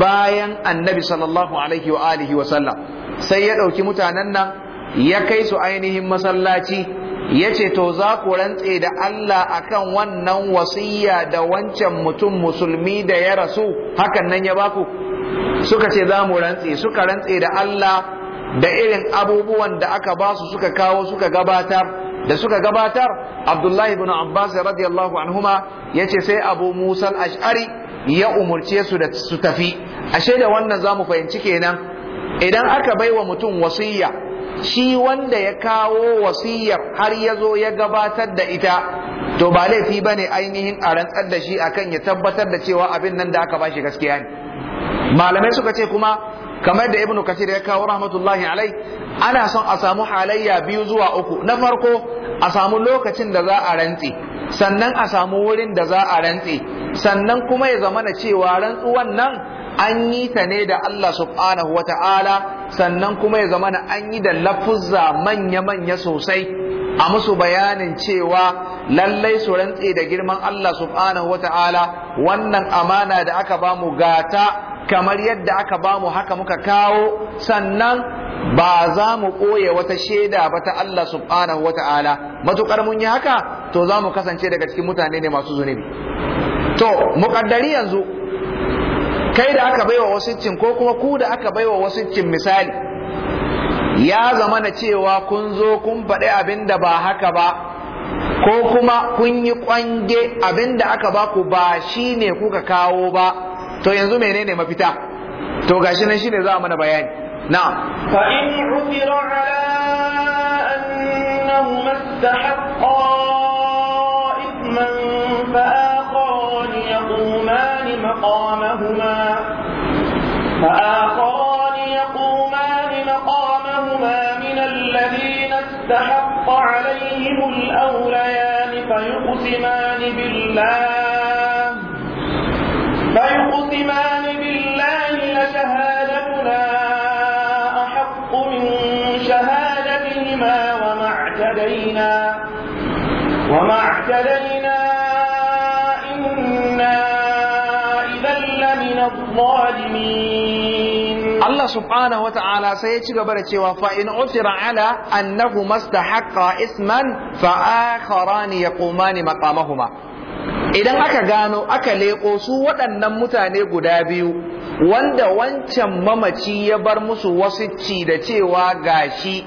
bayan annabi sallallahu alaihi wa alihi wa sallam sai ya ɗauki mutanen nan ya kai su ainihin masallaci yace to za ku rantse da Allah akan wannan wasiya da wancan mutum musulmi da ya rasu hakan nan ya baku suka ce za mu rantse suka rantse da Allah da irin abubuwan da aka ba su suka kawo suka gabatar da suka gabatar Abdullahi ibn Abbas radiyallahu anhuma yace sai Abu Musa al-Ash'ari ya umurce su da su tafi ashe da wannan za mu fahimci kenan idan aka baiwa mutum wasiya shi wanda ya kawo wasiyar har ya zo ya gabatar da ita to ba laifi ba ne ainihin a rantsar da shi akan ya tabbatar da cewa abin nan da aka bashi gaskiya ne malamai suka ce kuma kamar da ibnu kasir ya kawo rahmatullahi alai ana son a samu halayya biyu zuwa uku na farko a samu lokacin da za a rantse sannan a samu wurin da za a rantse sannan kuma ya zamana cewa rantsuwan nan an yi ta ne da Allah subhanahu ta’ala sannan kuma ya zama an yi da lafuzza manya-manya sosai a musu bayanin cewa lallai su rantse da girman Allah subhanahu ta’ala wannan amana da aka bamu gata kamar yadda aka bamu haka muka kawo sannan ba za mu ɓoye wata shaida ba ta Allah subhanahu wa ta'ala matuƙar mun yi haka to za mu kasance daga cikin mutane ne masu zunubi to muƙaddari yanzu kai da aka baiwa wasu cin ko kuma ku da aka baiwa wasu cin misali ya zama na cewa kun zo kun faɗi abin da ba haka ba ko kuma kun yi ƙwange abin da aka ba ku ba shi ne kuka kawo ba to yanzu menene mafita to gashi nan shine za a mana bayani na ala مقامهما فآخران يقومان مقامهما من الذين استحق عليهم الأوليان فيقسمان بالله فيقسمان بالله لشهادتنا أحق من شهادتهما وما اعتدينا وما اعتدينا allah sai ya ci gaba da cewa fa in عثر ala annahu mastahaqqa isman fa akharan يقومان maqamahuma idan aka gano aka leƙo su waɗannan mutane guda biyu wanda wancan mamaci ya bar musu wasicci da cewa gashi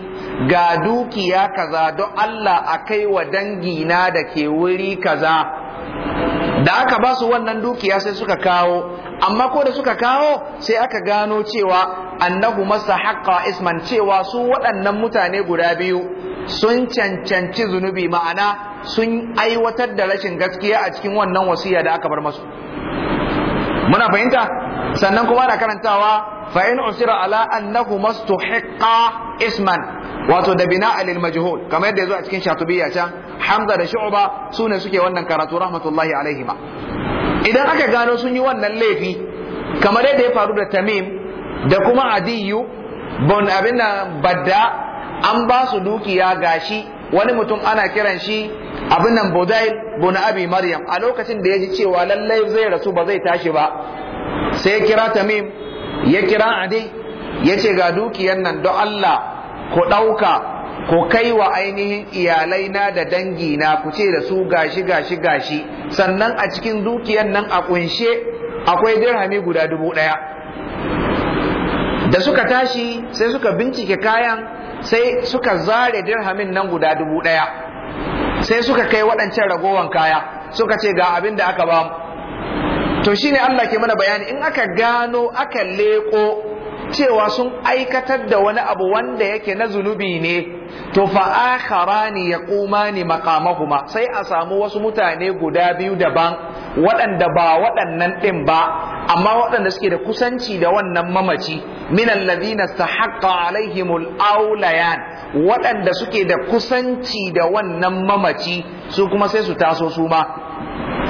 ga dukiya kaza don Allah a kai wa dangina da ke wuri kaza da aka ba su wannan dukiya sai suka kawo amma ko da suka kawo sai aka gano cewa annahu masa haqqa isman cewa su waɗannan mutane guda biyu sun cancanci zunubi ma'ana sun aiwatar da rashin gaskiya a cikin wannan wasiya da aka bar masu muna fahimta sannan kuma ana karantawa fa in usira ala annahu mastuhiqqa isman wato da bina alil majhul kamar yadda yazo a cikin shatubiyya can hamza da shu'ba sune suke wannan karatu rahmatullahi alaihima idan aka gano sun yi wannan laifi kamar yadda ya faru da tamim da kuma adiyu bon abin nan badda an ba su dukiya shi. wani mutum ana kiran shi abin nan Bodai, bon abi maryam a lokacin da ya ji cewa lallai zai rasu ba zai tashi ba sai ya kira tamim ya kira adi ya ce ga dukiyan nan don allah ku ɗauka Ko kai wa ainihin iyalaina da dangina ku ce da su gashi gashi gashi sannan a cikin dukiyan nan a kunshe akwai dirhami guda dubu ɗaya da suka tashi sai suka bincike kayan sai suka zare dirhamin nan guda dubu ɗaya sai suka kai waɗancan ragowan kaya suka ce ga abin da aka ba mu to shine Allah ke mana bayani in aka gano aka leƙo cewa sun aikatar da wani abu wanda yake na zunubi ne to fa akharani yaqumani maqamahuma sai a samu wasu mutane guda biyu daban waɗanda ba waɗannan ɗin ba amma waɗanda suke da kusanci da wannan mamaci min alladhina sahaqqa alaihimul aulayan waɗanda suke da kusanci da wannan mamaci su kuma sai su taso su ma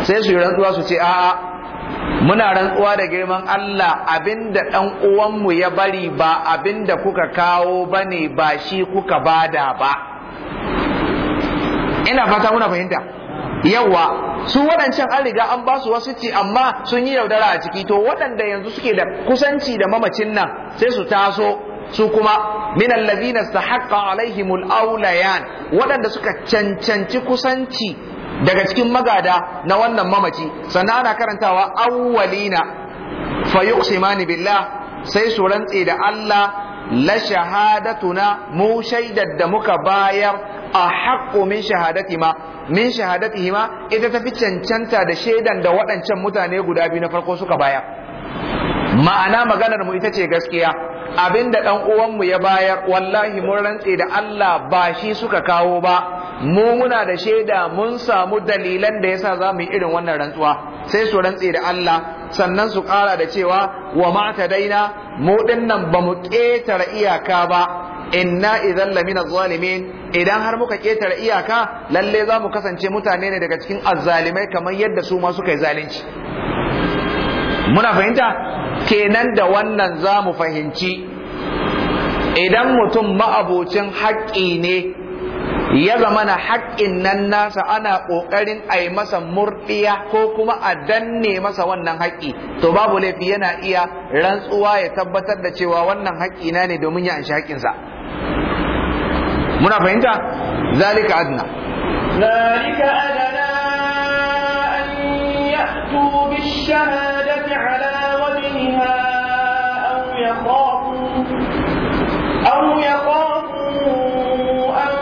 sai su yi rantsuwa su ce a'a muna rantsuwa da girman Allah abinda ɗan uwanmu ya bari ba abinda kuka kawo ba ne ba shi kuka bada ba ina fata muna fahimta yawa su waɗancan an riga an ba su wasu ci amma sun yi yaudara a ciki to waɗanda yanzu suke da kusanci da mamacin nan sai su taso su kuma min allazina stahaqqa alaihimul aulayan waɗanda suka cancanci kusanci daga cikin magada na wannan mamaci sannan ana karantawa awwalina fa yuqsimani billah sai su rantse da Allah la shahadatuna mu shaidar da muka bayar a haƙƙo min shahadati ma min shahadatihi ma ita fi cancanta da shaidan da waɗancan mutane guda biyu na farko suka bayar ma'ana maganar mu ita ce gaskiya abinda dan uwanmu ya bayar wallahi mun rantse da Allah ba shi suka kawo ba mu muna da shaida mun samu dalilan da yasa za mu yi irin wannan rantsuwa sai su rantse da Allah sannan su ƙara da cewa wa ma ta daina mu dinnan ba mu ƙetare iyaka ba inna idan lamina zalimin idan har muka ƙetare iyaka lalle za mu kasance mutane ne daga cikin azzalimai kamar yadda su ma suka yi zalunci muna fahimta kenan da wannan za mu fahimci idan mutum ma'abocin haƙƙi ne ya zama na haƙƙin nan nasa ana ƙoƙarin a yi masa murɗiya ko kuma a danne masa wannan haƙƙi to babu laifi yana iya rantsuwa ya tabbatar da cewa wannan haƙƙina na ne domin ya anshi haƙƙinsa muna fahimta zalika adna يأتوا بالشهادة على وجهها أو يخافوا أو يخافوا أن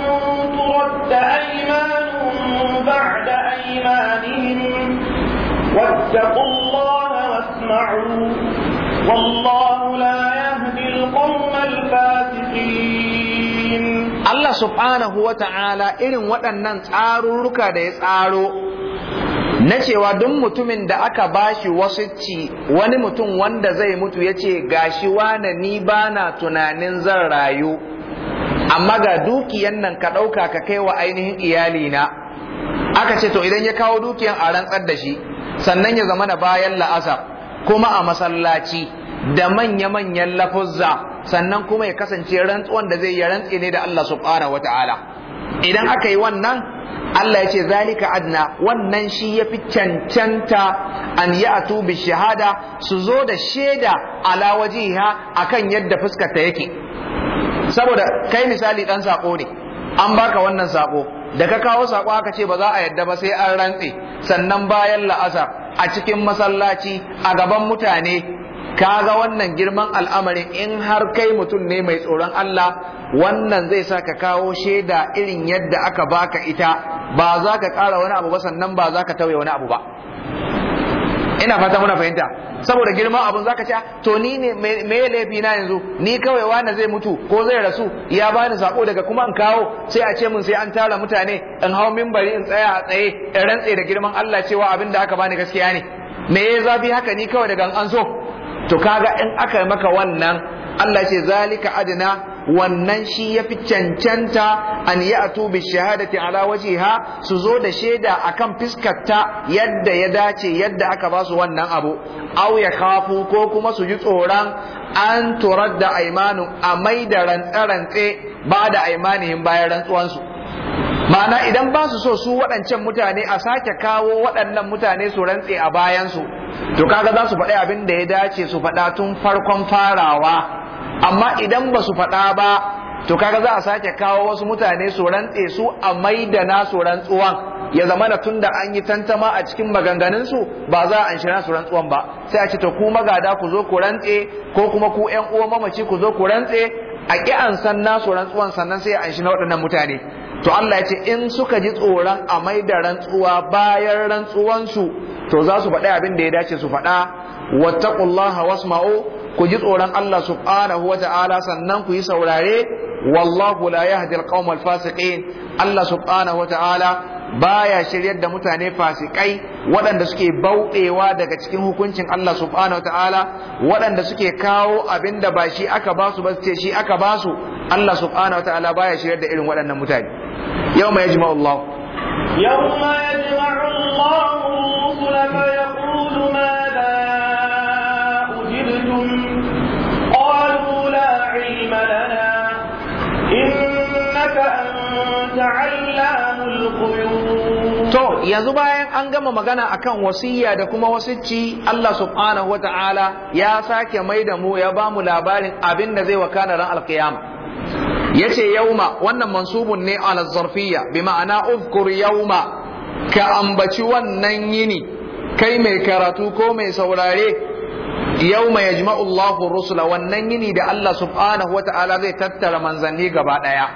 ترد أيمان بعد أيمانهم واتقوا الله واسمعوا والله لا يهدي القوم الفاسقين الله سبحانه وتعالى إن ودنا تارو لك ده na cewa duk mutumin da aka bashi ci wani mutum wanda zai mutu ya ce gashi wane ni bana tunanin zan rayu amma ga dukiyan nan ka ɗauka ka kai wa ainihin iyalina aka ce to idan ya kawo dukiyan a rantsar da shi sannan ya zama da bayan la'asar kuma a masallaci da manya-manyan lafuzza sannan kuma ya kasance rantsuwan da zai yi rantsi ne da Allah subhanahu wata'ala idan aka yi wannan Allah ya ce zalika adna wannan shi ya fi cancanta an yi atu bi shahada su zo da shaida ala wajiha kan yadda fuskarta yake saboda kai misali ɗan sako ne an baka wannan sako da ka kawo sako aka ce ba za a yadda ba sai an rantse sannan bayan la'asar a cikin masallaci a gaban mutane kaga wannan girman al'amarin in har kai mutum ne mai tsoron Allah wannan zai sa ka kawo shaida irin yadda aka baka ita ba za ka ƙara wani abu ba sannan ba za ka tauye wani abu ba ina fata muna fahimta saboda girman abun zaka ce ah, to ni ne me ya laifi na yanzu ni kawai wani zai mutu ko zai rasu ya bani sako daga kuma in kawo sai a ce mun sai an tara mutane in hau minbari in tsaya a tsaye in rantse da girman Allah cewa abin da aka bani gaskiya ne me ya zafi haka ni kawai daga an so to kaga in aka maka wannan Allah ce zalika adna wannan shi ya fi cancanta an yi a tubi shahadati ala wajiha su zo da shaida akan fiskarta yadda ya dace yadda aka ba su wannan abu au ya kafu ko kuma su ji tsoron an turar da aimanu a mai da rantsarantse ba da aimanihim bayan rantsuwansu ma'ana idan ba su so su waɗancan mutane a sake kawo waɗannan mutane su rantse a bayansu to kaga za su faɗi abin da ya dace su faɗa tun farkon farawa amma idan ba su faɗa ba to kaga za a sake kawo wasu mutane su rantse su a maida na su rantsuwan ya zama da tun da an yi tantama a cikin maganganun su ba za a shirya su rantsuwan ba sai a ce to ku magada ku zo ku rantse ko kuma ku ƴan uwa mamaci ku zo ku rantse a ƙi an san nasu rantsuwan sannan sai a na waɗannan mutane to Allah ya ce in suka ji tsoron a mai da rantsuwa bayan rantsuwansu to za su faɗi abin da ya dace su faɗa wattaqullaha wasma'u ku ji tsoron Allah subhanahu wata'ala sannan ku yi saurare wallahu la yahdi alqawmal fasiqin Allah subhanahu wata'ala baya shiryar da mutane fasikai waɗanda suke bauɗewa daga cikin hukuncin Allah subhanahu wata'ala waɗanda suke kawo abin da ba shi aka basu ba su ce shi aka basu Allah subhanahu wata'ala baya shiryar da irin waɗannan mutane يوم يجمع الله يوم يجمع الله الرسل فيقول ماذا أجبتم قالوا لا علم لنا إنك أنت علام القيوم To, yanzu bayan an gama magana akan wasiya da kuma wasicci Allah subhanahu wa ta'ala ya sake mai da mu ya ba mu labarin abin da zai wakana ran alkiyama. yace yauma wannan mansubun ne ala zarfiya bi ma'ana ufkur yauma ka ambaci wannan yini kai mai karatu ko mai saurare yauma yajma'u Allahu rusula wannan yini da Allah subhanahu ta'ala zai tattara manzanni gaba daya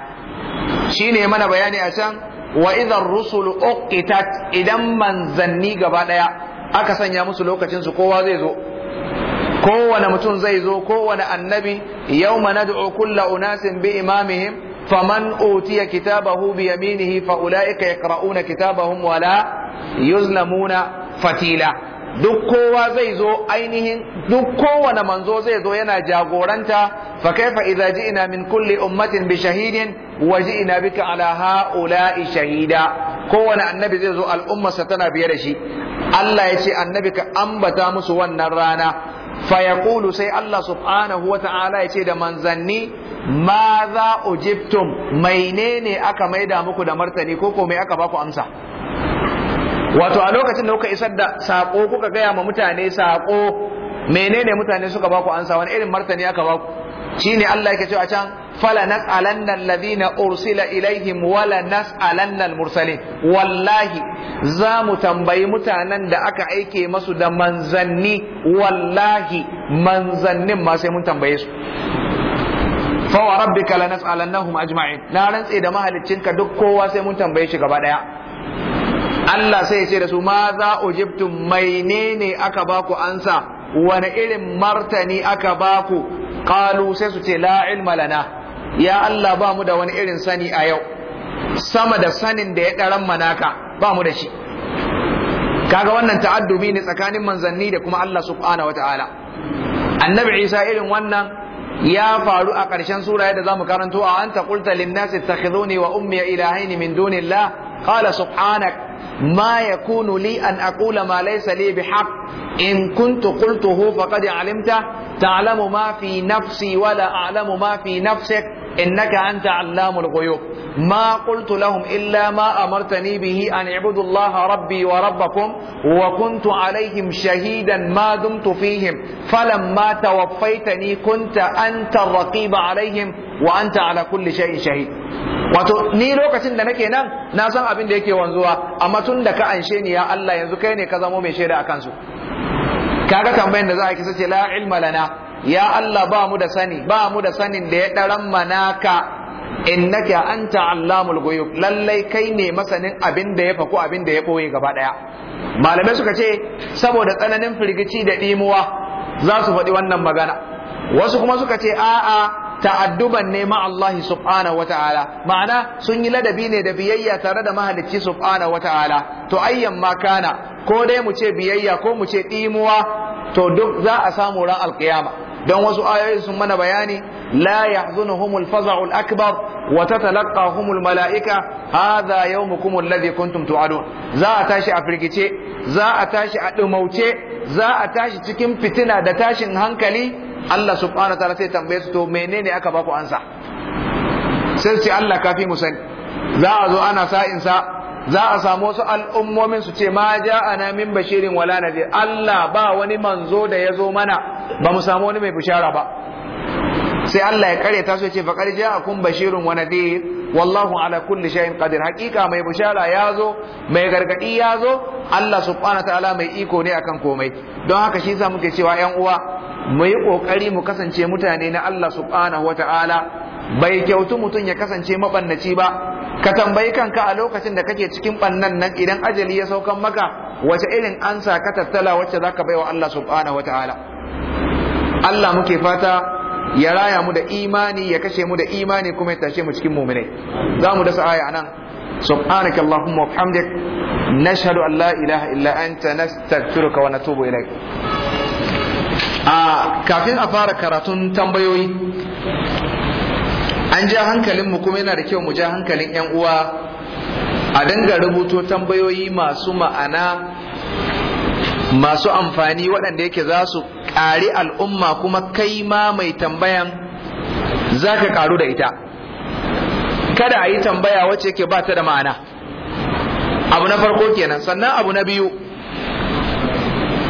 shine mana bayani a can wa idan rusul uqitat idan manzanni gaba daya aka sanya musu lokacin su kowa zai zo kowane mutum zai zo kowane annabi yawma nad'u kulla unasin bi imamihim faman utiya kitabahu bi yaminihi fa ulaika yaqra'una kitabahum wala yuzlamuna fatila duk kowa zai zo ainihin duk kowane manzo zai zo yana jagoranta fa kaifa idza ji'na min kulli ummatin bi shahidin wa ji'na bika ala ha'ula'i shahida kowane annabi zai zo al'ummarsa tana biye da shi Allah ya ce annabi ka ambata musu wannan rana fayaqulu sai Allah subhanahu wa ta'ala ya ce da manzanni maza za ujibtum mainene aka maida muku da martani ko ko aka baku amsa wato a lokacin da kuka isar da sako kuka gaya ma mutane sako menene mutane suka baku amsa wani irin martani aka baku shine Allah yake a can fala nas'alanna alladhina ursila ilaihim wala nas'alanna almursalin wallahi za mu tambayi mutanen da aka aike masu da manzanni wallahi manzannin ma sai mun tambaye su fa wa rabbika lanas'alannahum ajma'in na rantse da mahaliccinka duk kowa sai mun tambaye shi gaba daya Allah sai ya ce da su ma za ujibtum mainene aka baku ansa wani irin martani aka baku qalu sai su ce la lana ya Allah ba mu da wani irin sani a yau sama da sanin da ya ɗaran manaka ba mu da shi kaga wannan ta'addubi ne tsakanin manzanni da kuma Allah subhanahu wata'ala annabi Isa irin wannan ya faru a ƙarshen sura yadda zamu karanto a anta qulta lin nasi ittakhiduni wa ummi ilahaini min dunillah qala subhanak ما an لي أن أقول ما ليس لي بحق إن كنت قلته alimta, علمته تعلم ما في نفسي ولا alamu ma fi نفسك innaka anta allamul ghuyub ma kultulahum illa ma amartani bihi an i'budu rabbi wa rabbakum wa kuntu alaihim shahidan ma dumtu fihim falamma tawaffaytani kunta anta raqiba alaihim wa anta ala kulli shay'in shahid wato ni lokacin da nake nan na san abin da yake wanzuwa amma tun da ka anshe ni ya Allah yanzu kai ne ka zamo mai shaida akan su kaga tambayan da za a kisa ce la ilma ya Allah ba mu da sani ba mu da sanin da ya ɗaran manaka innaka anta allamul ghuyub lallai kai ne masanin abin da ya faku abin da ya boye gaba daya malamai suka ce saboda tsananin firgici da dimuwa za su faɗi wannan magana wasu kuma suka ce a'a ta'adduban ne ma Allah subhanahu wataala ma'ana sun yi ladabi ne da biyayya tare da mahalicci subhanahu wataala to ayyan ma kana ko dai mu ce biyayya ko mu ce dimuwa to duk za a samu ran alkiyama don wasu ayoyin sun mana bayani la yahzunuhumul faza'ul akbar wa tatalaqahumul mala'ika hadha yawmukum alladhi kuntum tu'adun za a tashi a firgice za a tashi a dumauce za a tashi cikin fitina da tashin hankali Allah subhanahu wa ta'ala sai tambaye su to menene aka baku ansa sai su ce Allah kafi musani sani za a zo ana sa'insa za a samu wasu al'ummomin su ce ma ja a namin bashirin wala nadir Allah ba wani manzo da ya zo mana ba mu samu wani mai bishara ba sai Allah ya kare ta su ce a kun bashirun wa nadir wallahu ala kulli shay'in qadir hakika mai bishara ya zo mai gargadi ya zo Allah subhanahu ta'ala mai iko ne akan komai don haka shi yasa muke cewa yan uwa mu yi kokari mu kasance mutane na Allah subhanahu wa ta'ala bai kyautu mutum ya kasance mabannaci ba ka tambayi kanka a lokacin da kake cikin bannan nan idan ajali ya saukan maka wace irin ansa ka tattala wacce zaka baiwa Allah subhanahu wataala Allah muke fata ya raya mu da imani ya kashe mu da imani kuma ya tashe mu cikin mu'minai za mu dasa aya nan سبحانك اللهم وبحمدك نشهد أن لا إله إلا أنت نستغفرك ونتوب إليك آه كافين fara راتون تنبيوي an ja hankalinmu kuma yana da kyau mu ja hankalin 'yan uwa a danga rubuto tambayoyi masu ma'ana masu amfani waɗanda yake za su ƙari al'umma kuma kai ma mai tambayan za ka ƙaru da ita kada a yi tambaya wacce yake ba ta da ma'ana abu na farko kenan sannan abu na biyu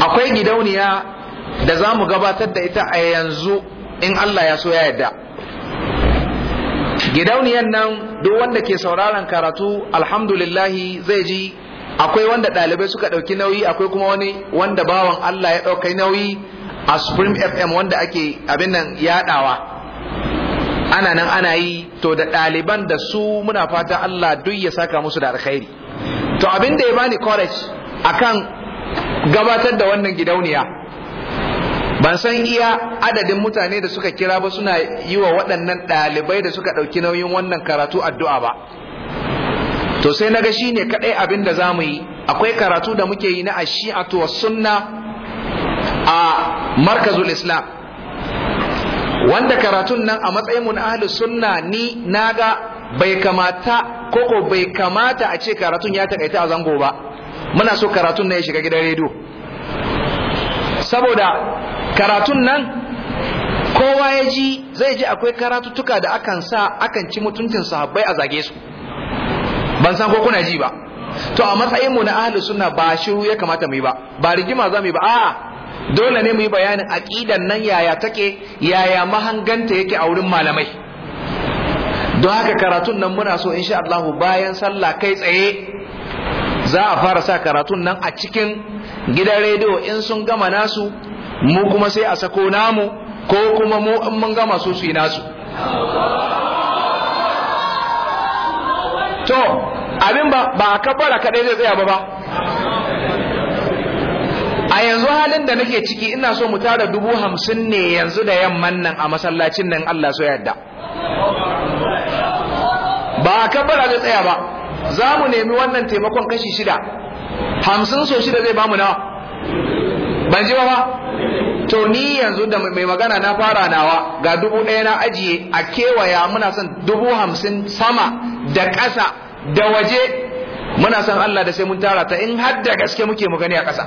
akwai gidauniya da za mu gabatar da ita a yanzu in Allah ya so ya yarda gidauniyan nan duk wanda ke sauraron karatu lillahi zai ji akwai wanda ɗalibai suka ɗauki nauyi akwai kuma wani wanda bawan Allah ya ɗaukai nauyi a Supreme FM wanda ake abin nan yaɗawa ana nan ana yi to da ɗaliban da su muna fata Allah duk ya saka musu da alkhairi to abin da ya bani courage akan gabatar da wannan gidauniya ban san iya adadin mutane da suka kira ba suna yi wa waɗannan ɗalibai da suka ɗauki nauyin wannan karatu addu'a ba to sai naga shi ne kaɗai abin da za mu yi akwai karatu da muke yi na ashi'atu wa sunna a markazul islam wanda karatun nan a matsayin mun ahli sunna ni naga bai kamata koko bai kamata a ce karatun ya takaita a zango ba muna so karatun na ya shiga gidan rediyo saboda karatun nan kowa ya ji zai ji akwai karatuttuka da akan sa akan ci mutuncin sahabbai a zage su ban san ko kuna ji ba to a matsayin mu na ahlus sunna ba shiru ya kamata mu yi ba ba rigima za mu yi ba a'a dole ne mu yi bayanin aqidan nan yaya take yaya mahanganta yake a wurin malamai don haka karatun nan muna so insha Allah bayan sallah kai tsaye za a fara sa karatun nan a cikin gidan rediyo in sun gama nasu mu kuma sai a sako namu ko kuma mu in mun gama su su yi nasu to abin ba ba a kafara kaɗai zai tsaya ba ba a yanzu halin da nake ciki ina so mu tara dubu hamsin ne yanzu da yamman nan a masallacin nan Allah so yadda ba a fara zai tsaya ba za mu nemi wannan taimakon kashi shida hamsin so shida zai bamu nawa ban ji ba ba to ni yanzu da mai magana na fara nawa ga dubu ɗaya na ajiye a kewaya muna son dubu hamsin sama da ƙasa da waje muna son Allah da sai mun tara ta in har da gaske muke mu gani a ƙasa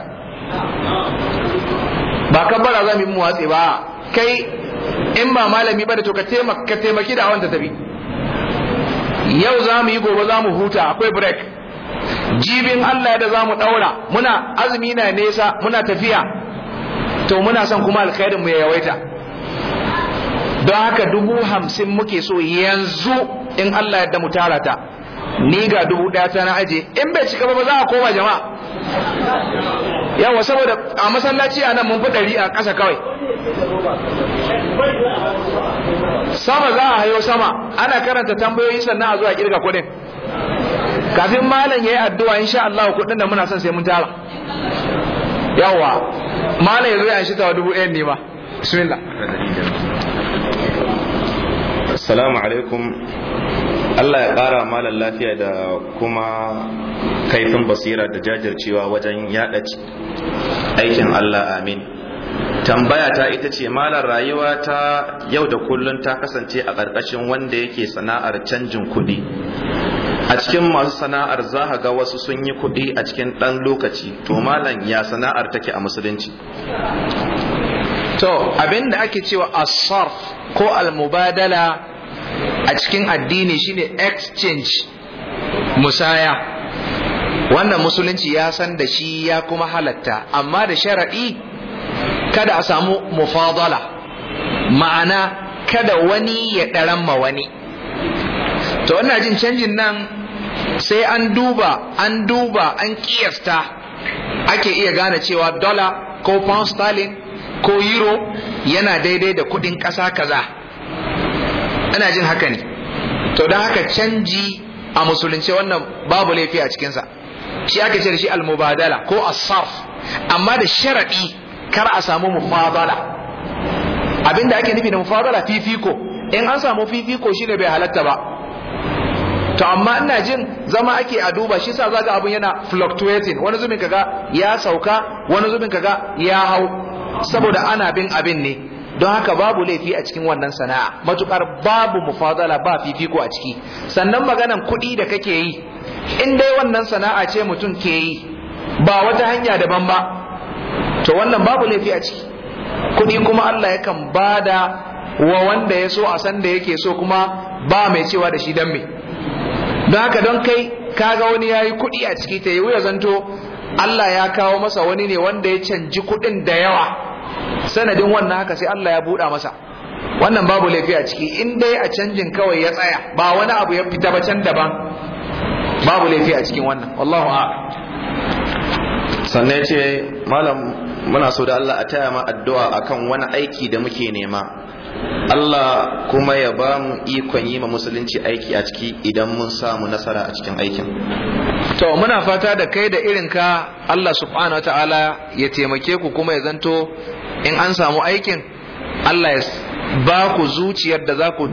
ba bara za mu watsi ba kai in ba malami ba da to ka taimaki da awon ta tafi yau za mu yi gobe za mu huta akwai break jibin Allah da za mu ɗaura muna azumi na nesa muna tafiya to muna son kuma alkhairin mu ya yawaita don haka dubu hamsin muke so yanzu in Allah ya mu tara ta ni ga dubu ɗaya ta na aje in bai cika ba za a koma jama'a yawa saboda a masallaci a nan mun fi ɗari a ƙasa kawai sama za a hayo sama ana karanta tambayoyi sannan a zuwa kirga kuɗin kafin malam yayi addu'a insha Allah kudin da muna son sai mun tara yawa malam zo ya shi tawa dubu ɗaya ne ba bismillah assalamu alaikum Allah ya ƙara malam lafiya da kuma kaifin basira da jajircewa wajen yaɗa aikin Allah amin tambaya ta ita ce malar rayuwa ta yau da kullun ta kasance a ƙarƙashin wanda yake sana'ar canjin kuɗi a cikin masu sana'ar za a ga wasu sun yi kuɗi a cikin ɗan lokaci to malam ya sana'ar take a musulunci to abin da ake cewa asarf ko almubadala a cikin addini shine exchange musaya wannan musulunci ya san da shi ya kuma halatta amma da sharaɗi kada a samu mufadala ma'ana kada wani ya ɗaran wani to wannan jin canjin nan sai an duba an duba an kiyasta ake iya gane cewa dollar ko pound sterling ko euro yana daidai da kudin kasa kaza ana jin haka ne to don haka canji a musulunci wannan babu laifi a cikinsa shi aka ce da shi almubadala ko asaf. amma da sharaɗi kar a samu mufadala abinda ake nufi da mufadala fifiko in an samu fifiko shine bai halatta ba to amma ina jin zama ake a duba shi sa zaga abun yana fluctuating wani zubin kaga ya sauka wani zubin kaga ya hau saboda ana bin abin ne don haka babu laifi a cikin wannan sana'a matukar babu mufadala ba fifiko a ciki sannan maganan kuɗi da kake yi in dai wannan sana'a ce mutum ke yi ba wata hanya daban ba to wannan babu laifi a ciki kuɗi kuma Allah yakan bada wa wanda ya so a san da yake so kuma ba mai cewa da shi dan me don haka don kai kaga wani ya yi kuɗi a ciki ta yi ya zanto Allah ya kawo masa wani ne wanda ya canji kuɗin da yawa sanadin wannan haka sai Allah ya buɗa masa wannan babu laifi a ciki in dai a canjin kawai ya tsaya ba wani abu ya fita ba can daban babu laifi a cikin wannan wallahu a sannan ce malam muna so da Allah a taya ma addu'a akan wani aiki da muke nema Allah kuma ya ba mu ikon yi ma musulunci aiki a ciki idan mun samu nasara a cikin aikin to muna fata da kai da irinka Allah subhanahu wataala ya taimake ku kuma ya zanto in an samu aikin Allah ya ba ku zuciyar da za ku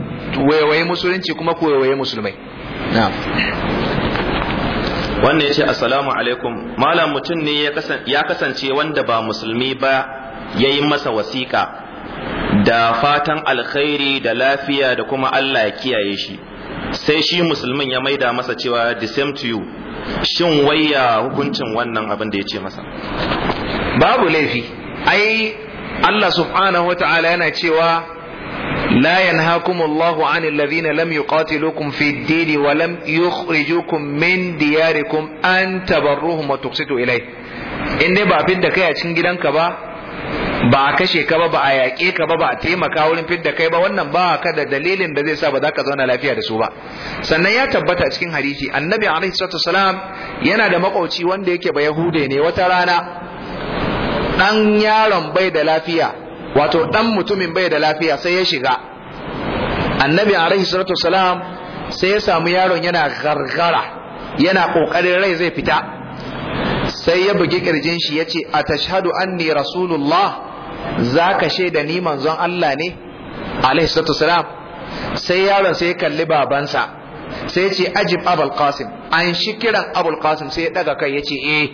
waiwaye musulunci kuma ku waiwaye musulmai wannan ya ce assalamu alaikum malam mutum ne ya kasance wanda ba musulmi ba ya yi masa wasiƙa da fatan alkhairi da lafiya da kuma Allah ya kiyaye shi sai shi musulmin ya maida masa cewa the same to you shin waya hukuncin wannan abin da ya ce masa babu laifi ai Allah subhanahu wa ta'ala yana cewa لا ينهاكم الله عن الذين لم يقاتلوكم في الدين ولم يخرجوكم من دياركم أن تبروهم وتقسطوا إليه إن ba a da kai a cikin gidanka ba ba a kashe ka ba ba a yaƙe ka ba ba a taimaka wurin fidda kai ba wannan ba ka da dalilin da zai sa ba za ka zauna lafiya da su ba sannan ya tabbata cikin hadisi annabi alaihi salatu wasalam yana da makauci wanda yake ba yahude ne wata rana dan yaron bai da lafiya wato dan mutumin bai da lafiya sai ya shiga annabi alaihi salatu wasalam sai ya samu yaron yana gargara yana kokarin rai zai fita sai ya bugi kirjin shi yace atashhadu anni rasulullah za ka shaida ni manzon Allah ne alaihi salatu sai yaron sai ya kalli babansa sai ce ajib abul qasim an shi kiran abul qasim sai ya daga kai ya ce eh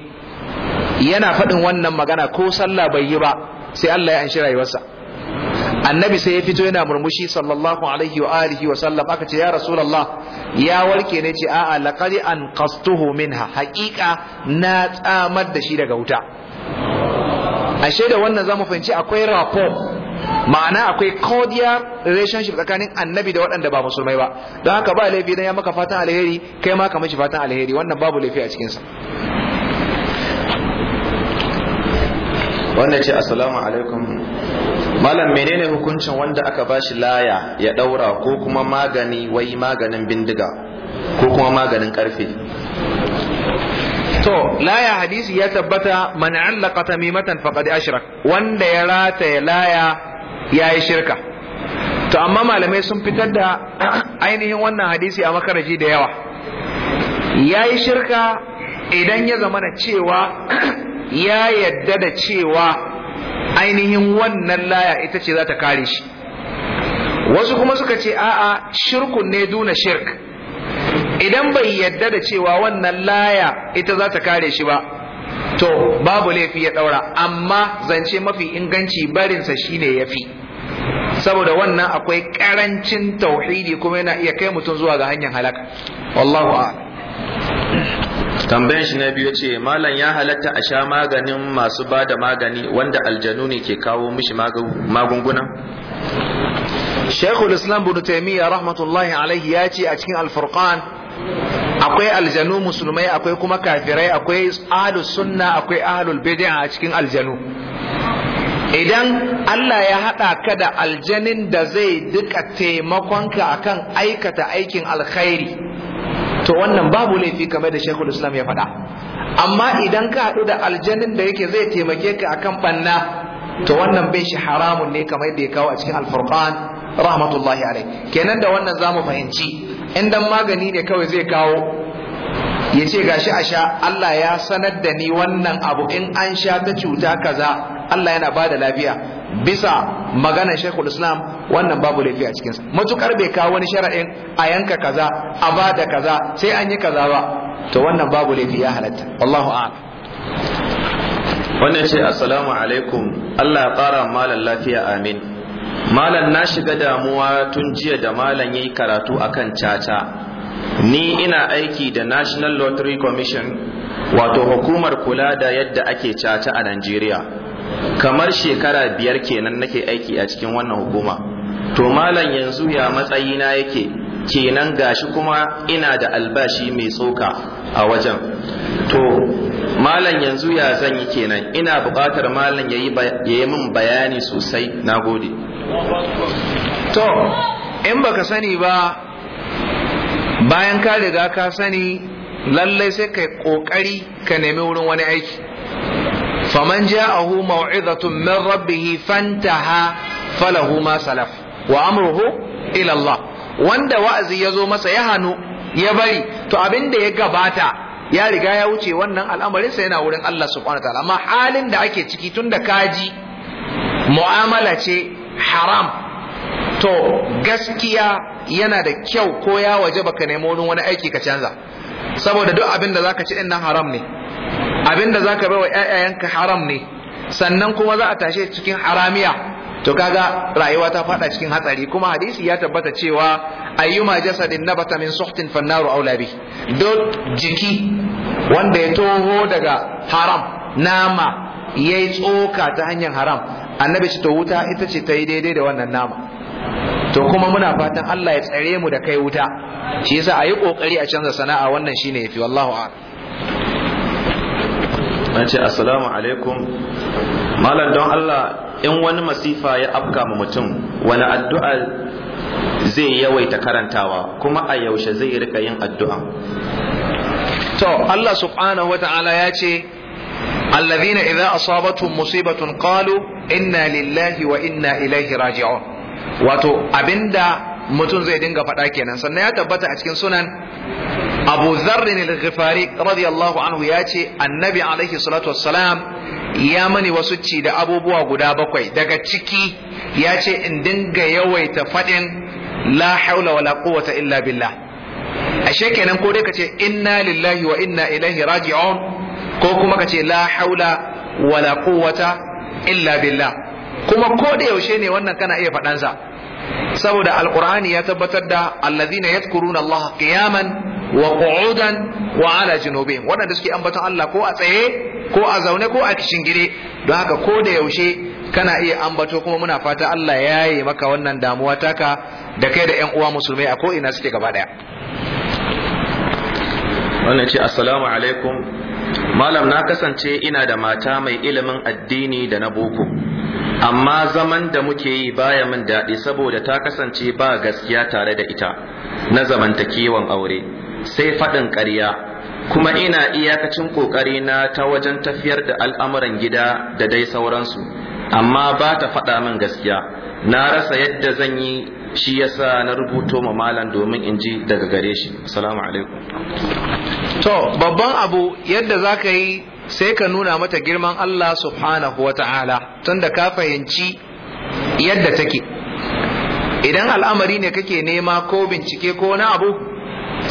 yana faɗin wannan magana ko sallah bai yi ba sai Allah ya anshi rayuwarsa annabi sai ya fito yana murmushi sallallahu alaihi wa alihi wa sallam aka ce ya rasulullah ya warke ne ce a'a laqad anqastuhu minha haqiqa na tsamar da shi daga wuta ashe da wannan zamu fahimci akwai rapport ma'ana akwai cordial relationship tsakanin annabi da waɗanda ba musulmai ba don haka ba laifi don ya maka fatan alheri kai ma ka mishi fatan alheri wannan babu laifi a cikinsa. wannan ce assalamu alaikum malam menene hukuncin wanda aka bashi laya ya ɗaura ko kuma magani wai maganin bindiga ko kuma maganin ƙarfe? to laya hadisi ya tabbata man allaqa tamimatan faqad ashrak wanda ya rataya laya yayi shirka to amma malamai sun fitar da ainihin wannan hadisi a makaraji da yawa yayi shirka idan ya zama na cewa ya yadda da cewa ainihin wannan laya ita ce za ta kare shi wasu kuma suka ce a'a shirkun ne duna shirk idan bai yadda da cewa wannan laya ita za ta kare shi ba to babu laifi ya daura amma zance mafi inganci barinsa shine yafi saboda wannan akwai karancin tauhidi kuma yana iya kai mutum zuwa ga hanyar halaka wallahu tambayan shi na biyu ce malam ya halatta a sha maganin masu bada magani wanda aljanu ne ke kawo mishi magunguna Sheikhul Islam bin Taymiyyah rahmatullahi alaihi ya ce a cikin Alfurqan. akwai aljanu musulmai akwai kuma kafirai akwai ahlus sunna akwai ahlul bid'a a cikin aljanu idan Allah ya haɗa ka da aljanin da zai duka taimakonka akan aikata aikin alkhairi to wannan babu laifi kamar da shekul islam ya faɗa amma idan ka haɗu da aljanin da yake zai taimake ka akan banna to wannan bai shi haramun ne kamar da ya kawo a cikin alfurqan rahmatullahi alai kenan da wannan zamu fahimci in dan magani ne kawai zai kawo ya ce gashi a sha Allah ya sanar da ni wannan abu in an sha ta cuta kaza Allah yana ba da lafiya bisa magana shekul islam wannan babu laifi a cikinsa matukar bai kawo wani shara'in a yanka kaza a ba da kaza sai an yi kaza ba to wannan babu laifi ya halatta wallahu a'lam wannan ce assalamu alaikum Allah ya ƙara malam lafiya amin malam na shiga damuwa tun jiya da malam yayi karatu akan caca ni ina aiki da national lottery commission wato hukumar kula da yadda ake caca a najeriya kamar shekara biyar kenan nake aiki a cikin wannan hukuma to malam yanzu ya matsayina yake kenan gashi kuma ina da albashi mai tsoka a wajen to malam yanzu ya zan kenan ina bukatar malam ya yi min bayani sosai na gode to in baka sani ba bayan ka riga ka sani lallai sai kai kokari ka nemi wurin wani aiki faman ja'ahu maw'izatun min rabbih fantaha falahu ma salaf wa amruhu ila Allah wanda wa'azi ya zo masa ya hannu ya bari to abin da ya gabata ya riga ya wuce wannan al'amarinsa yana wurin Allah subhanahu wataala amma halin da ake ciki tun da kaji mu'amala ce haram to gaskiya yana da kyau ko ya waje baka nemo wani aiki ka canza saboda duk abin da zaka ci din nan haram ne abin da zaka bai wa ƴaƴayenka haram ne sannan kuma za a tashe cikin haramiya to kaga rayuwa ta fada cikin hatsari kuma hadisi ya tabbata cewa ayyuma jasadin nabata min suhtin fannaru aula bi duk jiki wanda ya toho daga haram nama yayi tsoka ta hanyar haram annabi ce to wuta ita ce ta yi daidai da wannan nama to kuma muna fatan Allah ya tsare mu da kai wuta shi yasa yi kokari a canza sana'a wannan shine yafi wallahu a ce assalamu alaikum malam don Allah in wani masifa ya afka mu mutum wani addu'a zai yawaita karantawa kuma a yaushe zai rika yin addu'a to Allah subhanahu wata'ala ya ce alladhina idza asabatuhum musibatun qalu inna lillahi wa inna ilaihi raji'un wato abinda mutum zai dinga faɗa kenan sannan ya tabbata a cikin sunan abu zarrin al-ghifari anhu ya ce annabi alaihi salatu wassalam ya mani wasu ci da abubuwa guda bakwai daga ciki ya ce in dinga yawaita faɗin la haula wala quwwata illa billa. ashe kenan ko dai kace inna lillahi wa inna ilaihi raji'un ko kuma ka ce la haula wala quwwata illa billah kuma ko da yaushe ne wannan kana iya faɗansa saboda alqur'ani ya tabbatar da allazina yadhkuruna Allah qiyaman wa qu'udan wa ala junubihim waɗanda suke ambaton Allah ko a tsaye ko a zaune ko a gire don haka ko da yaushe kana iya ambato kuma muna fata Allah ya yi maka wannan damuwa taka da kai da 'yan uwa musulmai a ko ina suke gaba daya wannan ce assalamu alaikum malam na kasance ina da mata mai ilimin addini da na boko amma zaman da muke yi baya min daɗi saboda ta kasance ba gaskiya tare da ita na zamantakewan aure sai faɗin ƙarya kuma ina iyakacin ƙoƙari na ta wajen tafiyar da al'amuran gida da dai sauransu amma ba ta faɗa min gaskiya na rasa yadda zan yi shi yasa na rubuto ma malam domin in ji daga gare shi assalamu alaikum to babban abu yadda zaka yi sai ka nuna mata girman Allah subhanahu wa ta'ala tunda ka fahimci yadda take idan al'amari ne kake nema ko bincike ko na abu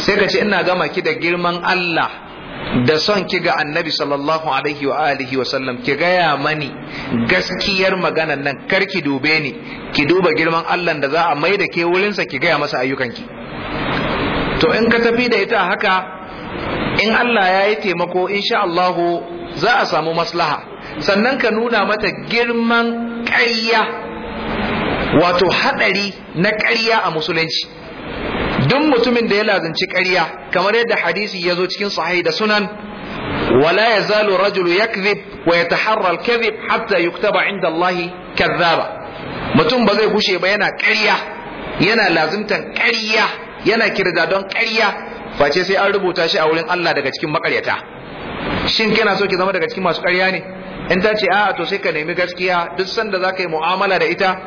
sai ka ce ina gama ki da girman Allah da son ki ga annabi sallallahu alaihi wa alihi wa sallam ki gaya mani gaskiyar maganan nan kar ki dube ni ki duba girman Allah da za a mai da ke wurinsa ki gaya masa ayyukanki to in ka tafi da ita haka in Allah ya yi taimako insha Allahu za a samu maslaha sannan ka nuna mata girman ƙarya wato haɗari na ƙarya a musulunci duk mutumin da ya lazanci ƙarya kamar yadda hadisi ya zo cikin sahih da sunan wala yazalu rajulu wa yataharra al hatta yuktaba inda mutum ba zai gushe ba yana ƙarya yana lazimtan ƙarya yana kirda don ƙarya face sai an rubuta shi a wurin Allah daga cikin makaryata shin kana so ki zama daga cikin masu ƙarya ne in ta ce a'a to sai ka nemi gaskiya duk sanda zaka yi mu'amala da ita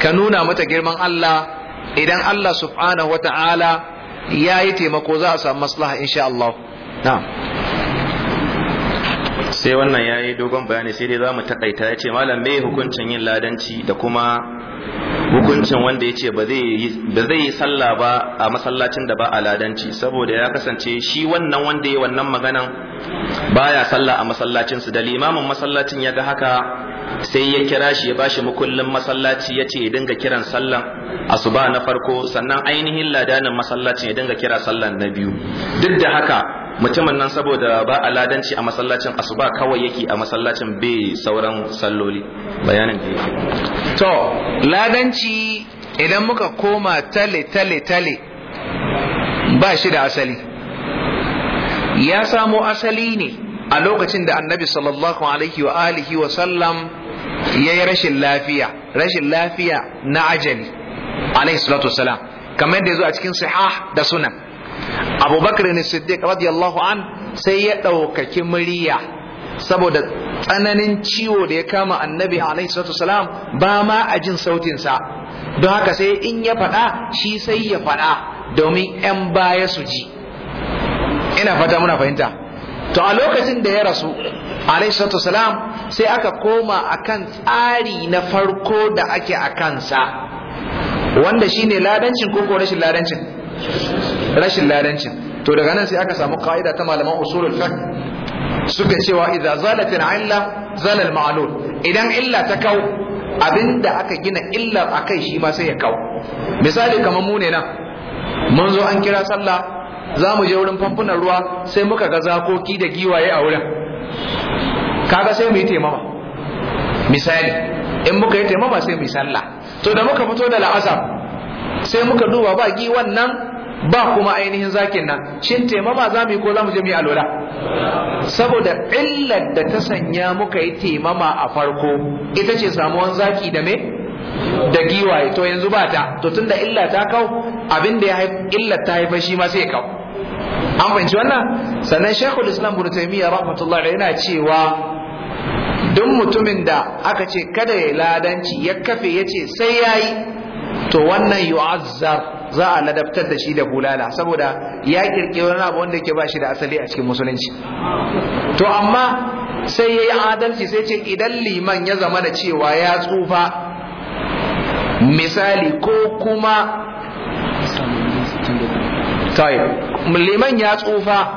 ka nuna mata girman Allah idan Allah subhanahu wata'ala ya yi taimako za a samu maslaha insha Allah na. sai wannan ya yi dogon bayani sai dai za mu takaita ya ce malam mai hukuncin yin ladanci da kuma hukuncin wanda ya ce ba zai yi salla ba a masallacin da ba a ladanci saboda ya kasance shi wannan wanda ya wannan maganan baya salla a masallacinsu da limamin masallacin ya ga haka sai ya kira shi ya bashi mukullin masallaci ya ce ya dinga kiran sallan asuba na farko sannan ainihin ladanin masallacin ya dinga kira sallan na biyu duk da haka mutumin nan saboda ba a ladanci a masallacin asuba kawai yake a masallacin bai sauran salloli bayanin da yake to ladanci idan muka koma tale tale tale ba shi da asali ya samo asali ne a lokacin da annabi sallallahu alaihi wa alihi wa sallam ya yi rashin lafiya rashin lafiya na ajali alaihi salatu wasalam kamar yadda ya zo a cikin sahih da sunan abubakar ne siddiq radiyallahu an sai ya ɗaukaki murya saboda tsananin ciwo da ya kama annabi alaihi salatu wasalam ba ma a jin sautinsa don haka sai in ya faɗa shi sai ya faɗa domin 'yan baya su ji ina fata muna fahimta to a lokacin da ya rasu alaihi salam sai aka koma akan tsari na farko da ake a kansa wanda shine ladancin ko ko rashin ladancin rashin ladancin to daga nan sai aka samu ka'ida ta malaman usulul fiqh suka cewa idza zalat illa zala al ma'lul idan illa ta kau abinda aka gina illar akai shi ma sai ya kau misali kamar mu ne nan mun zo an kira sallah za mu je wurin famfunan ruwa sai muka ga zakoki da giwaye a wurin kaga sai mu yi taimama misali in muka yi taimama sai mu yi sallah to da muka fito da la'asar sai muka duba ba giwan nan ba kuma ainihin zakin nan shin taimama za mu yi ko za mu je mu yi alwala saboda illar da ta sanya muka yi taimama a farko ita ce samuwan zaki da me da giwaye to yanzu ba ta to tunda illa ta kau abin da ya illa ta haifa shi ma sai ya kau an fahimci wannan sannan shekul islam bin taimiyya rahmatullahi yana cewa duk mutumin da aka ce kada ya ladanci ya kafe ya ce sai ya yi, to wannan yu'azzar za a ladabtar da shi da bulala saboda ya kirkiri wani abu wanda yake ba shi da asali a cikin musulunci to amma sai ya yi adalci sai ce idan liman ya zama da cewa ya tsufa misali ko kuma liman ya tsufa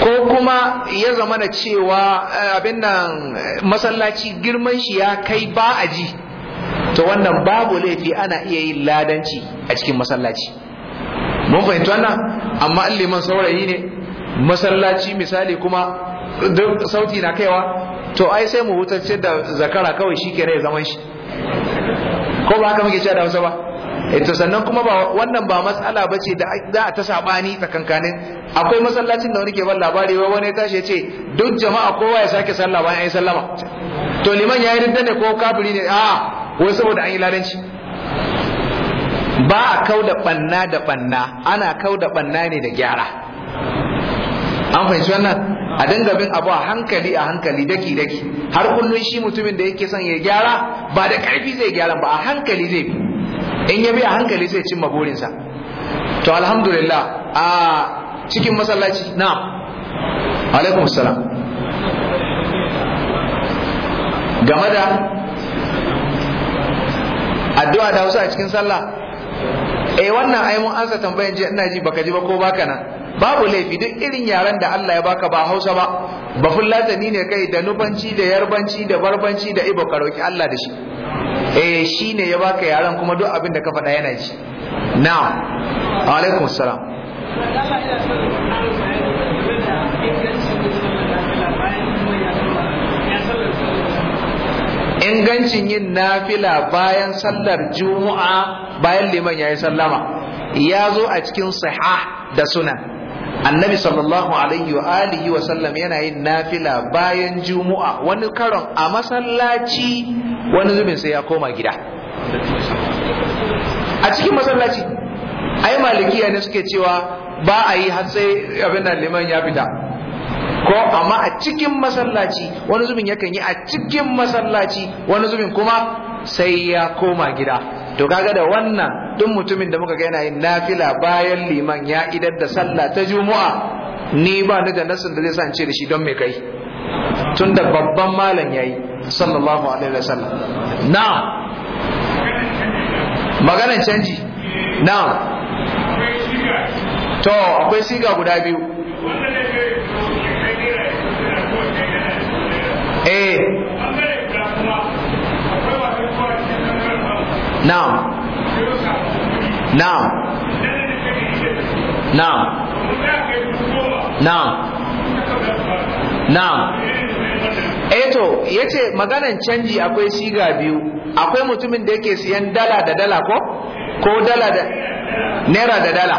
ko kuma ya zama na cewa eh, abin nan masallaci girman shi ya kai ba a ji to wannan babu laifi ana iya yin ladanci a cikin masallaci mun fahimta wannan amma an liman saurayi ne masallaci misali kuma duk sauti na kaiwa to ai sai mu hutacce da zakara kawai shi ya zaman shi ko ba haka muke cewa da wasa ba Eh, to sannan kuma ba wannan ba matsala ba ce da za a ta sabani tsakankanin akwai masallacin da wani ke ban labari wai wani tashi ya ce duk jama'a kowa ya sake sallah bayan yi sallama to liman ya yi ridda ne ko kafiri ne a wai saboda an yi ladanci ba a kau da banna da banna ana kau da banna ne da gyara an fahimci wannan a dinga bin abu a hankali a hankali daki daki har kullun shi mutumin da yake son ya gyara ba da karfi zai gyara ba a hankali zai bi in ya bi a hankali sai cimma burinsa to alhamdulillah a cikin masallaci na alaikum salam game da addu'a da hausa a cikin sallah eh wannan ai mun ansa tambayan je ina ji baka ji ba ko baka nan babu laifi duk irin yaren da Allah ya baka ba Hausa ba ba fullatani ne kai da nubanci da yarbanci da barbanci da ibo karoki Allah da shi eh shine ya baka yaren kuma duk abin da ka faɗa yana ji na'am alaikum salam ingancin yin nafila bayan sallar juma'a bayan liman ya yi sallama ya zo a cikin sahih da sunan annabi sallallahu alaihi wa alihi wa sallam yana yin nafila bayan juma'a wani karon a masallaci wani zubin sai ya koma gida a cikin masallaci ai malikiya ne suke cewa ba a yi har sai abin da liman ya fita ko amma a cikin masallaci wani zubin yakan yi a cikin masallaci wani zubin kuma sai ya koma gida to kaga da wannan duk mutumin da muka ga yana yin nafila bayan liman ya idar da sallah ta juma'a ni ba ni da nasin da zai sa ce da shi don me kai tun da babban malam yayi sallallahu alaihi wasallam na'am maganar canji na'am to akwai siga guda biyu eh na'am na'am na'am na'am na'am eto eh yace maganan canji akwai siga biyu akwai mutumin da yake siyan dala da dala ko ko dala da naira da dala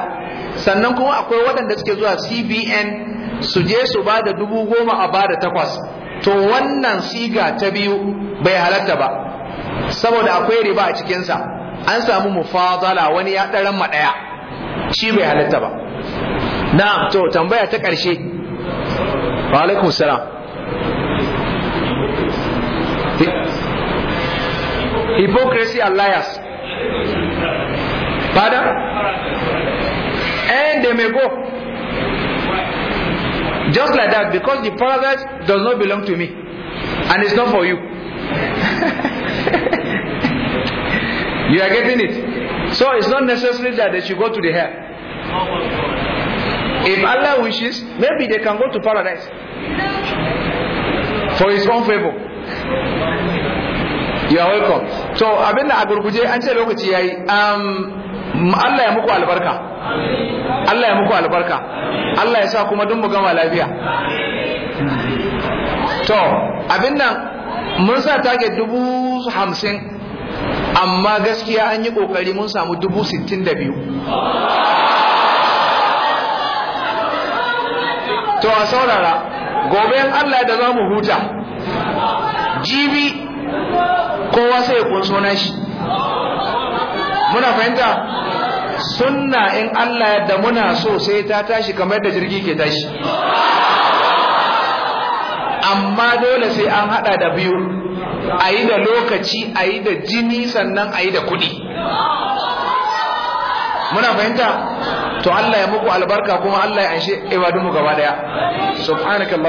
sannan kuma akwai waɗanda suke zuwa CBN su je su ba da dubu goma a ba da takwas to wannan siga ta biyu bai halatta ba saboda akwai riba a cikinsa an samu mufadala wani ya ɗaran ma ɗaya shi bai halitta ba na to tambaya ta ƙarshe wa alaikum salam hypocrisy alliance pardon and they may go just like that because the paradise does not belong to me and it's not for you You are getting it? So it's not necessary that they should go to the hell. If Allah wishes, maybe they can go to paradise for His own favor. You are welcome. So abin da a gurguje an ce lokaci ya yi, um, Allah ya muku albarka. Allah ya muku albarka. Allah ya sa kuma dun mu gama lafiya. To abin nan mun sa target dubu hamsin amma gaskiya an yi kokari mun samu dubu sittin da biyu to a saurara gobe in Allah da za mu huta jibi kowa sai kun suna shi muna fahimta sunna in Allah da muna so sai ta tashi kamar da jirgi ke tashi amma dole sai an hada da biyu a yi da lokaci a yi da jini sannan a yi da kuɗi muna fahimta to Allah ya muku albarka kuma Allah ya anshe ibadunmu gaba daya